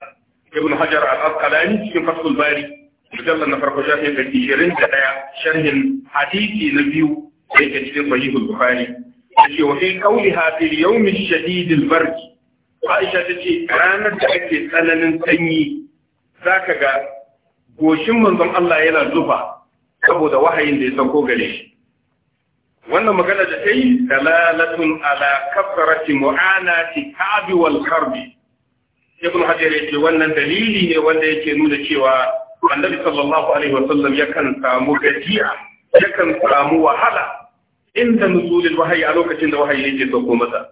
Ibn Hajar al-Asqalani cikin Fathul Bari mujallal na farko shafi 21 sharhin hadisi na biyu da yake cikin Sahih bukhari ce wa fi qawliha fil yawm ash-shadid Aisha ta ce ranar da ake tsananin sanyi zaka ga goshin manzon Allah yana zufa saboda wahayin da ya sauko gare shi wannan magana da ta yi dalalatun ala kafarati mu'anati ka'bi wal karbi ibn hajar ce wannan dalili ne wanda yake nuna cewa annabi sallallahu alaihi wasallam yakan samu gajiya yakan samu wahala inda nuzulil wahayi a lokacin da wahayi yake sauko masa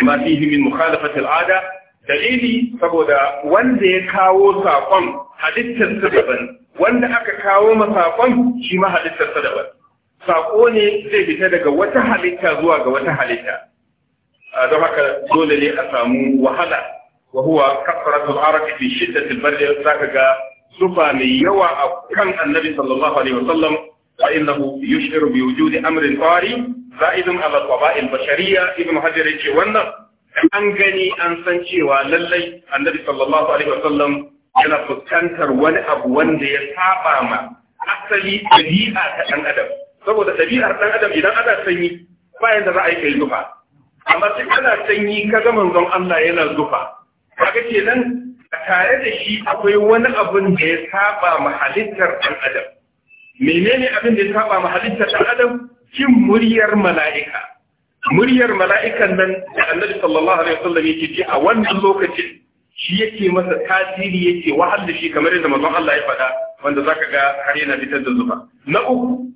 lima fihi min mukhalafati al'ada dalili saboda wanda ya kawo sakon halittar daban wanda aka kawo ma sakon shi ma daban sako ne zai fita daga wata halitta zuwa ga wata halitta don haka dole ne a samu wahala wa huwa kasratul araki fi shiddatil barri zaka ga zufa mai yawa a kan annabi sallallahu alaihi wasallam فإنه يشعر بوجود أمر طاري زائد على الطباع البشرية ابن حجر يجي wannan an gani an san cewa lallai annabi sallallahu alaihi wasallam yana fuskantar wani abu wanda ya saba ma asali dabi'a ta dan adam saboda dabi'ar dan adam idan ana sanyi bayan da za a yi kai zufa amma sai ana sanyi kaga manzon Allah yana zufa kaga kenan tare da shi akwai wani abun da ya saba ma halittar ɗan adam menene abin da ya saba ma halitta ta adam jin muryar mala'ika muryar mala'ikan nan da annabi sallallahu alaihi wasallam yake ji a wannan lokacin shi yake masa tasiri yake wahal da shi kamar yadda manzon Allah ya faɗa wanda zaka ga har yana fitar da zuba na uku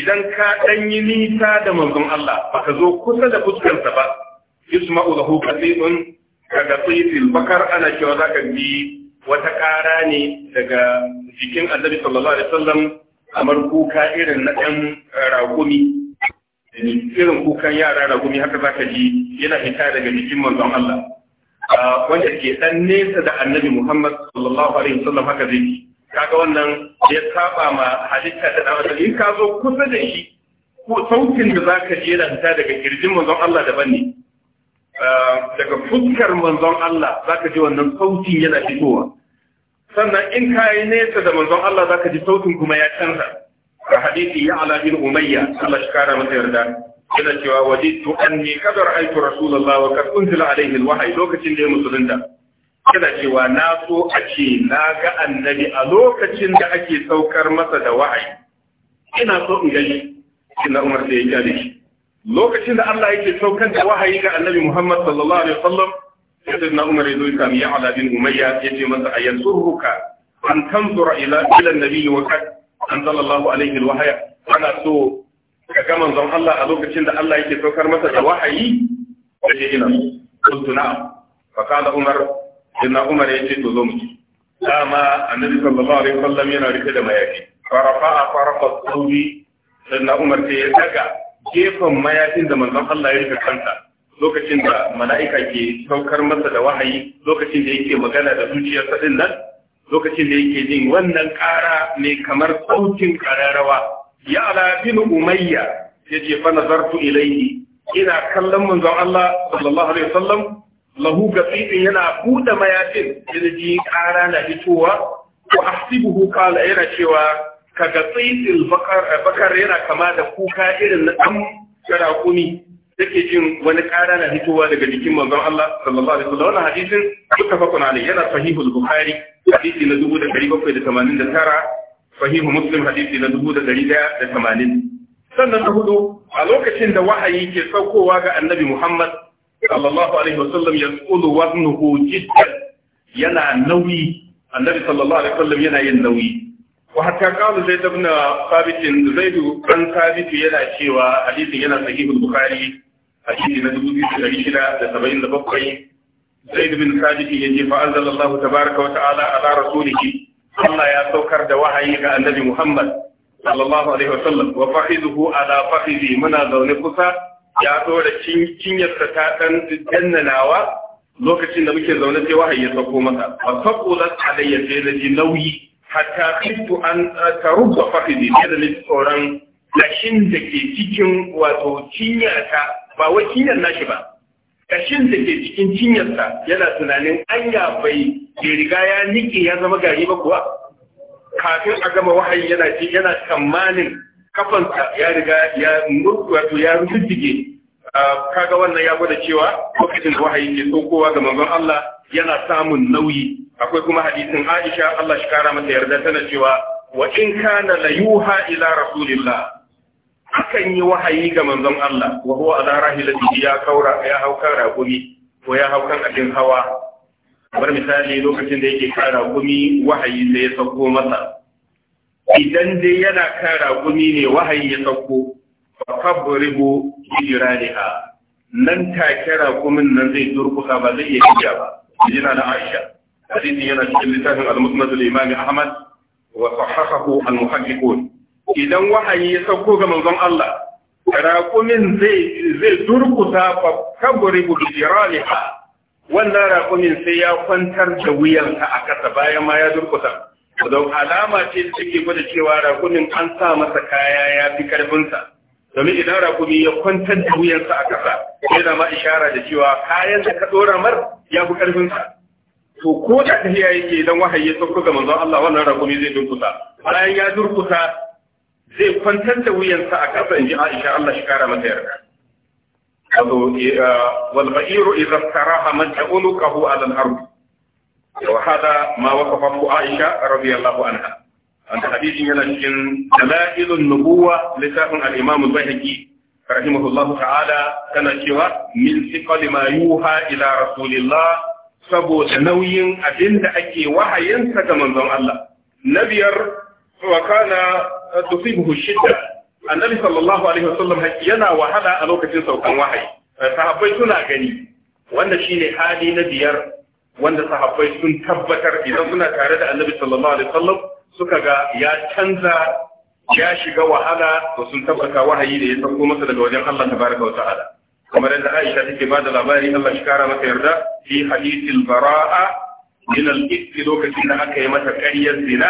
idan ka dan yi nisa da manzon Allah baka zo kusa da fuskarsa ba yusma'u lahu qati'un kaga tsifil bakar ana cewa zaka bi wata ƙara ne daga jikin annabi sallallahu alaihi wasallam kamar kuka irin na ɗan eh, raƙumi irin kukan yara raƙumi haka za ka ji yana fita daga jikin manzon Allah ah, wanda ke ɗan nesa da annabi Muhammad sallallahu alaihi wasallam haka zai ji kaga wannan ya saba ma halitta da dawa in ka zo kusa da shi ko sautin da za ka ji yana fita daga kirjin manzon Allah daban ne ah, daga fuskar manzon Allah za ka ji wannan sautin yana fitowa sannan in ka yi nesa da manzon Allah za ka ji sautin kuma ya canza a hadisi ya ala bin umayya Allah shi kara masa yarda yana cewa an ne qad ra'aytu rasulullah wa qad unzila alayhi alwahyi lokacin da ya musulunta yana cewa na so a ce na ga annabi a lokacin da ake saukar masa da wahayi ina so in gani ina umar da ya kyale shi lokacin da Allah yake saukar da wahayi ga annabi Muhammad sallallahu alaihi wasallam sai na umar ya zo ya sami ya ala ya ce masa a yansurruka an tanzura ila ila annabi wa kad anzalallahu alaihi alwahya ana so ka ga manzon Allah a lokacin da Allah yake saukar masa da wahayi sai ina kuntu na'am fa kana umar inna umar ya ce to zo mu dama annabi sallallahu alaihi wasallam yana rike da mayafi farafa farafa sauri sannan umar ya daga gefen mayafin da manzon Allah ya rike kanta lokacin da mala'ika ke saukar masa da wahayi lokacin da yake magana da zuciyar din nan lokacin da yake jin wannan ƙara mai kamar sautin ƙararrawa ya umayya ya ce fa nazartu ilayhi ina kallon manzon Allah sallallahu alaihi wasallam lahu gafitin yana buɗe mayafin yana ji ƙara na fitowa wa ahsibuhu qala yana cewa ka gafitil bakar bakar yana kama da kuka irin na ɗan rakumi take jin wani ƙara na fitowa daga jikin manzon Allah sallallahu alaihi wasallam wannan hadisin muttafaqun alaihi yana sahihul bukhari hadisi na 1789 sahihu muslim hadisi na 1180 sannan na hudu a lokacin da wahayi ke saukowa ga annabi Muhammad sallallahu alaihi wasallam ya tsulu waznuhu jiddan yana nauyi annabi sallallahu alaihi wasallam yana yin nauyi wata kawo zai tafi na sabitin zai du sabitu yana cewa hadisin yana sahih bukari a cikin na dubu biyu da shida da saba'in da bakwai zai bin sabitin ya ce fa'azal Allah tabaraka wa ta'ala ala rasulihi Allah ya saukar da wahayi ga annabi Muhammad sallallahu alaihi wa sallam wa fahizuhu ala fahizi muna zaune kusa ya zo da cinyarsa ta ɗan jannanawa lokacin da muke zaune sai wahayi ya sauko masa. Wa sauko zan alayyar sai da ji nauyi hatta kintu an tarubba fakidi ne da tsoron kashin da ke cikin wato cinyata ba wai cinyar nashi ba kashin da ke cikin cinyarsa yana tunanin anya bai ke riga ya nike ya zama gari ba kuwa kafin a gama wahayi yana yana tsammanin kafansa ya riga ya wato ya rujujjuge Ah, kaga wannan ya gwada cewa lokacin wahayi ke saukowa ga manzon Allah yana samun nauyi akwai kuma hadisin Aisha Allah shi kara mata yarda tana cewa wa in kana la yuha ila rasulillah hakan yi wahayi ga manzon Allah wa huwa ala rahilatihi ya kaura ya hauka ragumi ko ya haukan abin hawa kamar misali lokacin da yake kara gumi wahayi sai ya sauko masa idan dai yana kan gumi ne wahayi ya sauko fakabribu jiraniha nan take raƙumin nan zai durkuka ba zai iya tafiya ba yana da Aisha hadisi yana cikin littafin al-Musnad Ahmad wa al-muhaddiqun idan wahayi ya sauko ga manzon Allah raƙumin zai durkusa fa wannan raƙumin sai ya kwantar da wuyanka a ƙasa bayan ma ya durkusa don alama ce da take gwada cewa raƙumin an sa masa kaya ya fi ƙarfinsa domin idan rakumi ya kwantar da wuyansa a ƙasa ya ma ishara da cewa kayan da ka dora mar ya fi ƙarfinsa to ko da tahiya yake idan wahayi ya sauko ga manzon Allah wannan rakumi zai durkusa bayan ya durkusa zai kwantar da wuyansa a ƙasa in ji Aisha Allah shi kara mata yarda wato eh, wal ba'iru idza saraha man ta'ulukahu ala al-ard wa hada ma waqafa Aisha radiyallahu anha wanda hadisin yana cikin dalailun nubuwa littafin al-imam al-bayhaqi rahimahullah ta'ala kana cewa min thiqali ma yuha ila rasulillah saboda nauyin abinda ake wahayinsa ga manzon Allah na biyar wa kana tusibuhu shidda annabi sallallahu alaihi wasallam yana wahala a lokacin saukan wahayi sahabbai suna gani wanda shine hali na biyar wanda sahabbai sun tabbatar idan suna tare da annabi sallallahu alaihi suka ga ya canza ya shiga wahala to sun tabbata wahayi da ya sauko masa daga wajen Allah tabaraka wa ta'ala kamar yadda Aisha take ba da labari Allah shi kara masa yarda fi hadithil bara'a min al lokacin da aka yi mata ƙaryar zina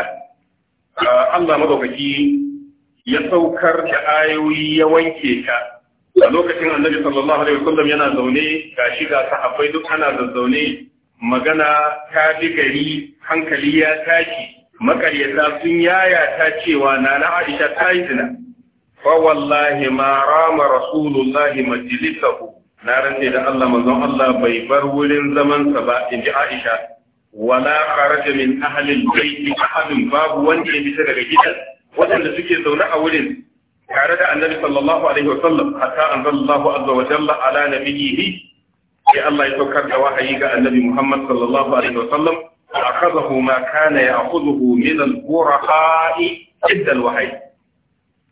uh, Allah madaukaki ya saukar da ayoyi ya wanke ka. a lokacin annabi sallallahu alaihi wasallam yana zaune ga shi ga sahabbai duk ana zazzaune magana ta bi gari hankali ya tashi makaryata sun yayata cewa nana Aisha ta yi zina fa wallahi ma rama rasulullahi majlisahu na rantse da Allah manzon Allah bai bar wurin zaman sa ba inji Aisha wala kharaja min ahli al-bayt ahadun babu wani ya fita daga gidan wanda suke zaune a wurin tare da annabi sallallahu alaihi wa sallam hatta anzalallahu azza wa jalla ala nabiyhi sai Allah ya saukar da wahayi ga annabi Muhammad sallallahu alaihi wa sallam أخذه ما كان يأخذه من البرهاء عند الوحي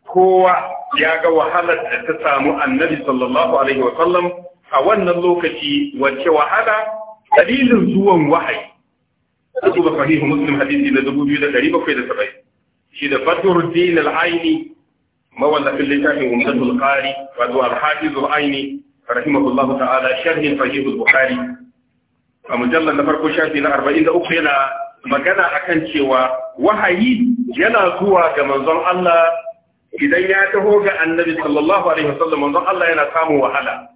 هو يا وحالة تسامو النبي صلى الله عليه وسلم أولا اللوكتي وشوحالة دليل زوان وحي أقول صحيح مسلم حديث إلى دبو بيودة قريبة في دسبعي إذا بدر الدين العيني مولى في اللتاف ومدة القاري وذو الحافظ العيني رحمه الله تعالى شرح صحيح البخاري a mujallar na farko shafi na arba'in da uku yana magana akan cewa wahayi yana zuwa ga manzon Allah idan ya taho ga annabi sallallahu alaihi wasallam manzon Allah yana samun wahala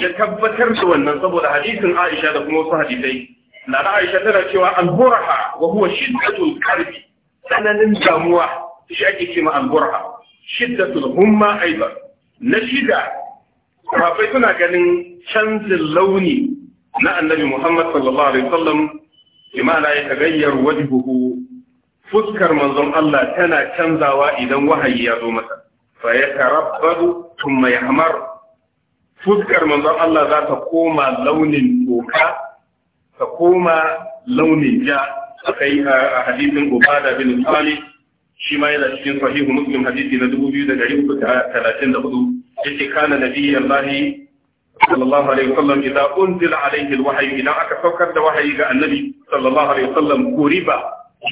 ya tabbatar da wannan saboda hadisin Aisha da kuma wasu hadisai na Aisha tana cewa al-burha wa huwa shiddatul qalbi tsananin damuwa shi ake cewa al-burha shiddatul humma aidan na shida kafai suna ganin canjin launi na annabi Muhammad sallallahu alaihi wasallam imana ya tagayyar wajhuhu fuskar manzon Allah tana canzawa idan wahayi ya zo masa fa ya tarabbadu thumma yahmar fuskar manzon Allah za ta koma launin toka ta koma launin ja akai a hadisin Ubada bin Salih shi ma yana cikin sahihu Muslim hadisi na 2334 yake kana nabiyyi Allah صلى الله عليه وسلم إذا أنزل عليه الوحي إلى أكا فكر دوحي إلى النبي صلى الله عليه وسلم قريبا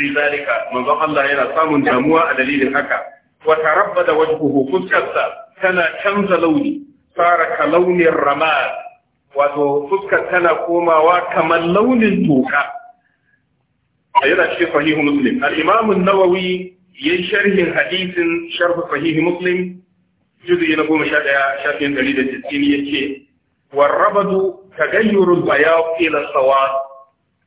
لذلك من ظهر الله إلى صام جموع دليل أكا وتربد وجهه فسكت كان كمز لوني صار كلون الرماد وفسكت كان كوما وكما لون التوكا أيضا شيء صحيح مسلم الإمام النووي يشرح حديث شرح صحيح مسلم جزء ينقوم شاكين دليل التسكين warrabadu tagayyurul bayad ila sawad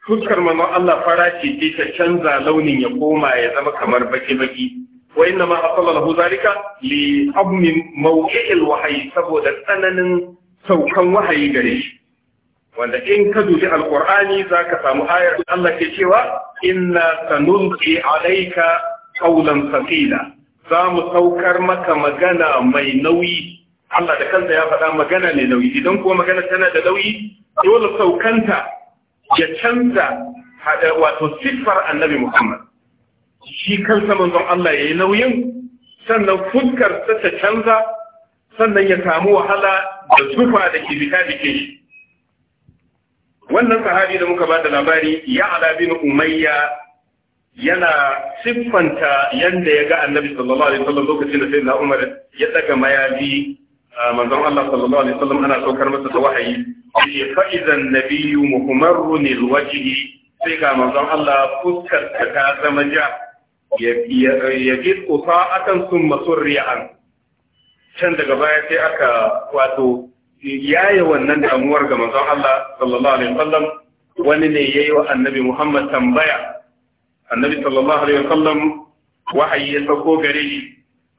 fuskar manzo Allah fara ce ta canza launin ya koma ya zama kamar baki baki Wai inna ma asalla lahu zalika li abmin mawqi'il wahyi saboda tsananin saukan wahayi gare shi wanda in ka dubi alqur'ani zaka samu ayar Allah ke cewa inna sanulqi alayka qawlan thaqila za mu saukar maka magana mai nauyi Allah da kansa ya faɗa magana ne nauyi idan kuma magana tana da nauyi dole saukanta ya canza wato siffar annabi Muhammad shi kansa manzon Allah yi nauyin sannan fuskar ta ta canza sannan ya samu wahala da tufa da ke fita jikin shi wannan sahabi da muka ba da labari ya ala bin umayya yana siffanta yanda ya ga annabi sallallahu alaihi wasallam lokacin da sai na umar ya daga mayafi manzon Allah sallallahu alaihi wasallam ana saukar masa da wahayi sai fa idan nabiyyu muhammarun alwajhi sai ga manzon Allah fuskar ta zama ja ya ji qusa'atan thumma surri'an can daga baya sai aka wato yaya wannan damuwar ga manzon Allah sallallahu alaihi wasallam wani ne yayi wa annabi Muhammad tambaya annabi sallallahu alaihi wasallam wahayi ya sauko gare shi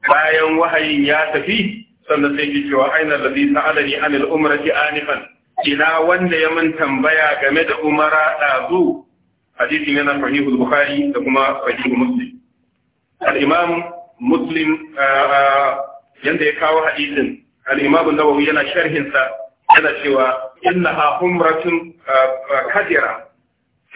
bayan wahayin ya tafi sannan sai ki cewa aina ladhi sa'alani anil umrati anifan ina wanda ya mun tambaya game da umara dazu hadisi ne na sahihul bukhari da kuma sahihul muslim al-imam muslim yanda ya kawo hadisin al-imam an-nawawi yana sharhin sa yana cewa innaha umratun kadira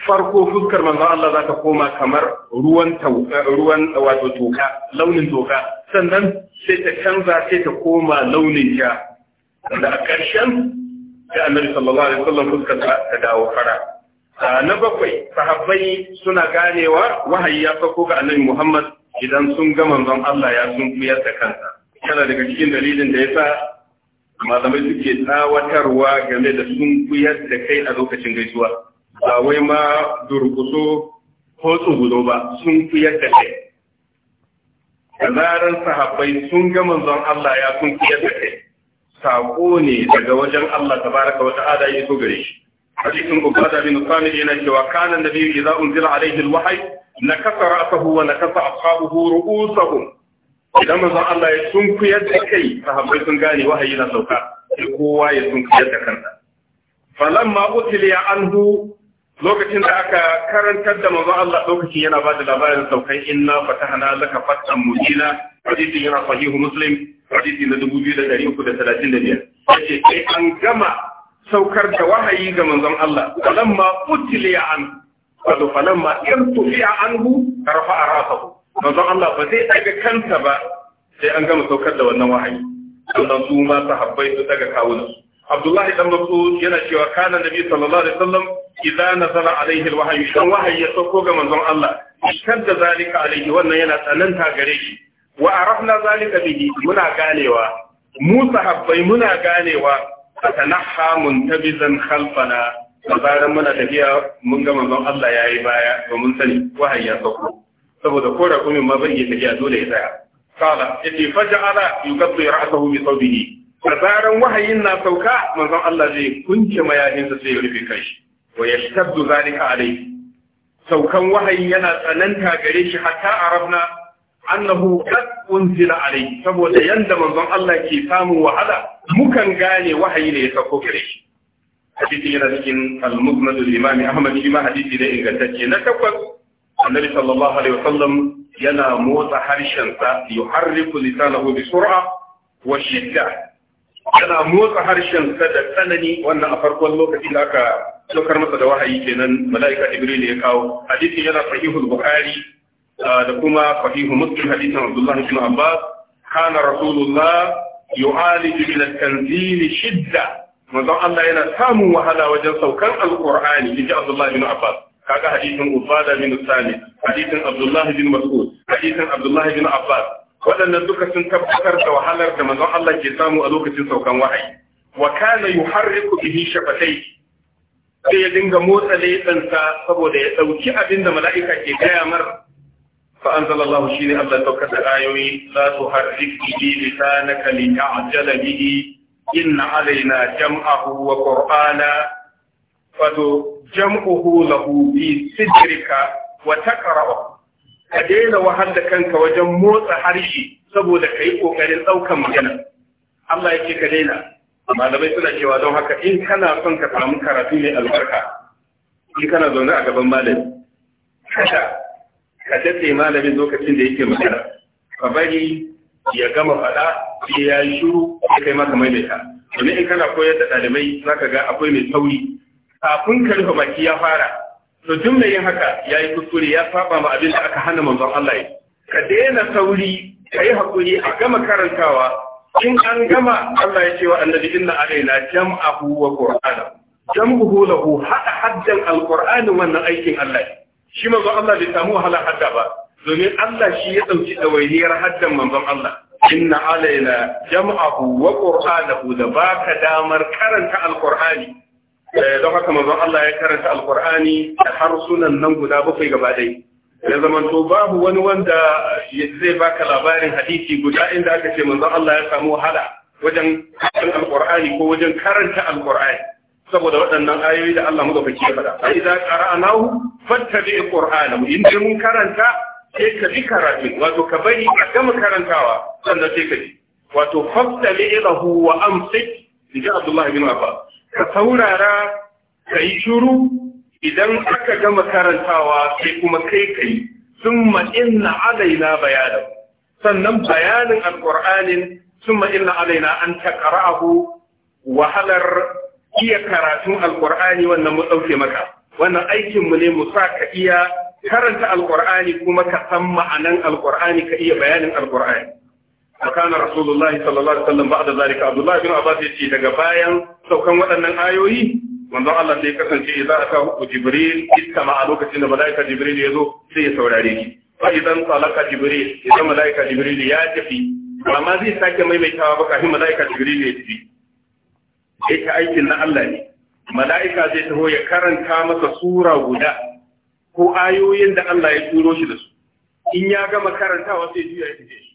farko fuskar manzon Allah zaka koma kamar ruwan eh, ruwan eh, wato toka launin toka sannan sai ta canza sai ta koma launin ja da a ƙarshen annabi sallallahu alaihi wasallam fuskar ta dawo fara na bakwai sahabbai suna ganewa wahayi ya sako ga annabi Muhammad idan sun ga manzon Allah ya sun kuyar da kansa yana daga cikin dalilin da yasa malamai suke tsawatarwa game da sun kuyar da kai a lokacin gaisuwa ba wai ma durkuso ko tsugudo ba sun fi yadda kai da zarar sahabbai sun ga manzon Allah ya sun fi yadda kai sako ne daga wajen Allah tabaraka wa ta'ala ya so gare shi hadisin ubada bin sami yana cewa kana nabiyyu idza unzila alayhi alwahy nakasa ra'sahu wa nakasa ashabuhu ru'usahum idan manzon Allah ya sun fi yadda kai sahabbai sun gane wahayi na sauka sai kowa ya sun fi yadda kansa falamma utliya anhu lokacin da aka karantar da manzon Allah lokacin yana ba da labarin saukai inna fatahna laka fatan mubina hadisi yana sahihu muslim hadisi na 2335 yace sai an gama saukar da wahayi ga manzon Allah falamma utliya an wato falamma irtufi'a anhu rafa'a rasahu manzon Allah ba zai daga kanta ba sai an gama saukar da wannan wahayi sannan su ma sahabbai su daga kawunansu Abdullahi dan Mas'ud yana cewa kana Nabi sallallahu alaihi wasallam Iza nazala alaihi alwahyu idan wahayi ya sauko ga manzon Allah shadda zalika alaihi wannan yana tsananta gare shi wa arafna zalika bihi muna ganewa mu sahabbai muna ganewa fatanaha muntabizan khalfana bazaran muna tafiya mun ga manzon Allah yayi baya ba mun sani wahayi ya sauko saboda ko raƙumin ma zai iya tafiya dole ya tsaya qala yace faj'ala yughaddi ra'sahu bi thawbihi bazaran wahayin na sauka manzon Allah zai kunce mayafinta sai ya rufe kai wa yashtaddu zalika alayhi saukan wahayi yana tsananta gare shi hatta arabna annahu qad unzila alayhi saboda yadda manzon Allah ke samun wahala mukan gane wahayi ne ya sauko gare shi yana cikin al-musnad al-imam Ahmad shi ma hadisi ne ingantacce na takwas annabi sallallahu alaihi wasallam yana motsa harshen sa yuharriku lisanahu bi sur'a wa shidda yana motsa harshen sa da tsanani wannan a farkon lokacin da aka saukar masa da wahayi kenan mala'ika jibril ya kawo hadisi yana sahihul bukhari ah, da kuma sahihu muslim hadisin abdullahi bin abbas kana rasulullah yu'aliju min al-tanzil shidda manzon Allah yana samun wahala wajen saukan alqur'ani inji abdullahi bin abbas kaga hadisin ubada bin sami hadisin abdullahi bin mas'ud hadisin abdullahi bin abbas waɗannan duka sun tabbatar da wahalar da manzon Allah ke samu a lokacin saukan wahayi wa kana yuharriku bihi shafatai sai ya dinga motsa leɓensa saboda ya ɗauki abin da mala'ika ke gaya mar fa anzalallahu shine Allah saukar da ayoyi la tuharrik na lisanaka a jala bihi inna alaina jam'ahu wa qur'ana wato jam'uhu lahu bi sidrika wa taqra'u ka daina wahar da kanka wajen motsa harshe saboda ka yi ƙoƙarin ɗaukan magana Allah ya ce ka daina malamai suna cewa don haka in kana son ka samu karatu mai albarka in kana zaune a gaban malami kada ka daɗe malamin lokacin da yake magana ka bari ya gama faɗa sai ya yi shuru ya kai maka maimaita domin in kana koyar da ɗalibai za ka ga akwai mai sauri kafin ka baki ya fara to tun yin haka ya yi kuskure ya saba ma abin da aka hana manzon Allah yi ka daina sauri ka yi haƙuri a gama karantawa in an gama Allah ya ce wa annabi inna alaina jam'ahu wa qur'ana jam'uhu lahu hada haddan alqur'ani wannan aikin Allah shi manzon Allah bai samu wahala hadda ba domin Allah shi ya dauki dawainiyar haddan manzon Allah inna alaina jam'ahu wa qur'anahu da baka damar karanta alqur'ani Eh, don haka manzon Allah ya karanta alkur'ani da harsunan nan guda bakwai gaba ɗaya ya zama to babu wani wanda zai baka labarin hadisi guda inda aka ce manzon Allah ya samu wahala wajen karatun alkur'ani ko wajen karanta alkur'ani saboda waɗannan ayoyi da Allah muka fice faɗa sai idan qara'nahu fattabi qur'ana in dai mun karanta sai ka bi karatu wato ka bari a gama karantawa sannan sai ka bi wato fatta fattabi lahu wa amsik diga Abdullahi bin Abbas ka saurara ka yi shuru idan aka gama karantawa sai kuma kai kai sun ma'inna alaina bayanin sannan bayanin Alƙur'ani sun ma'inna alaina an ta ƙara'ahu wahalar iya karatun alƙur'ani wannan mu ɗauke maka wannan aikinmu ne mu sa ka iya karanta alƙur'ani kuma ka san ma'anan alƙur'ani ka iya bayanin alƙur'ani فكان رسول الله صلى الله عليه وسلم بعد ذلك عبد الله بن عباس daga bayan saukan waɗannan ayoyi manzo Allah sai kasance idza aka Jibril istama a lokacin da malaika Jibril ya zo sai ya saurare shi fa idan talaka Jibril idan malaika Jibril ya tafi amma zai sake maimaitawa ba kafin malaika Jibril ya tafi sai ka aikin na Allah ne malaika zai taho ya karanta masa sura guda ko ayoyin da Allah ya turo shi da su in ya gama karantawa sai juya ya tafi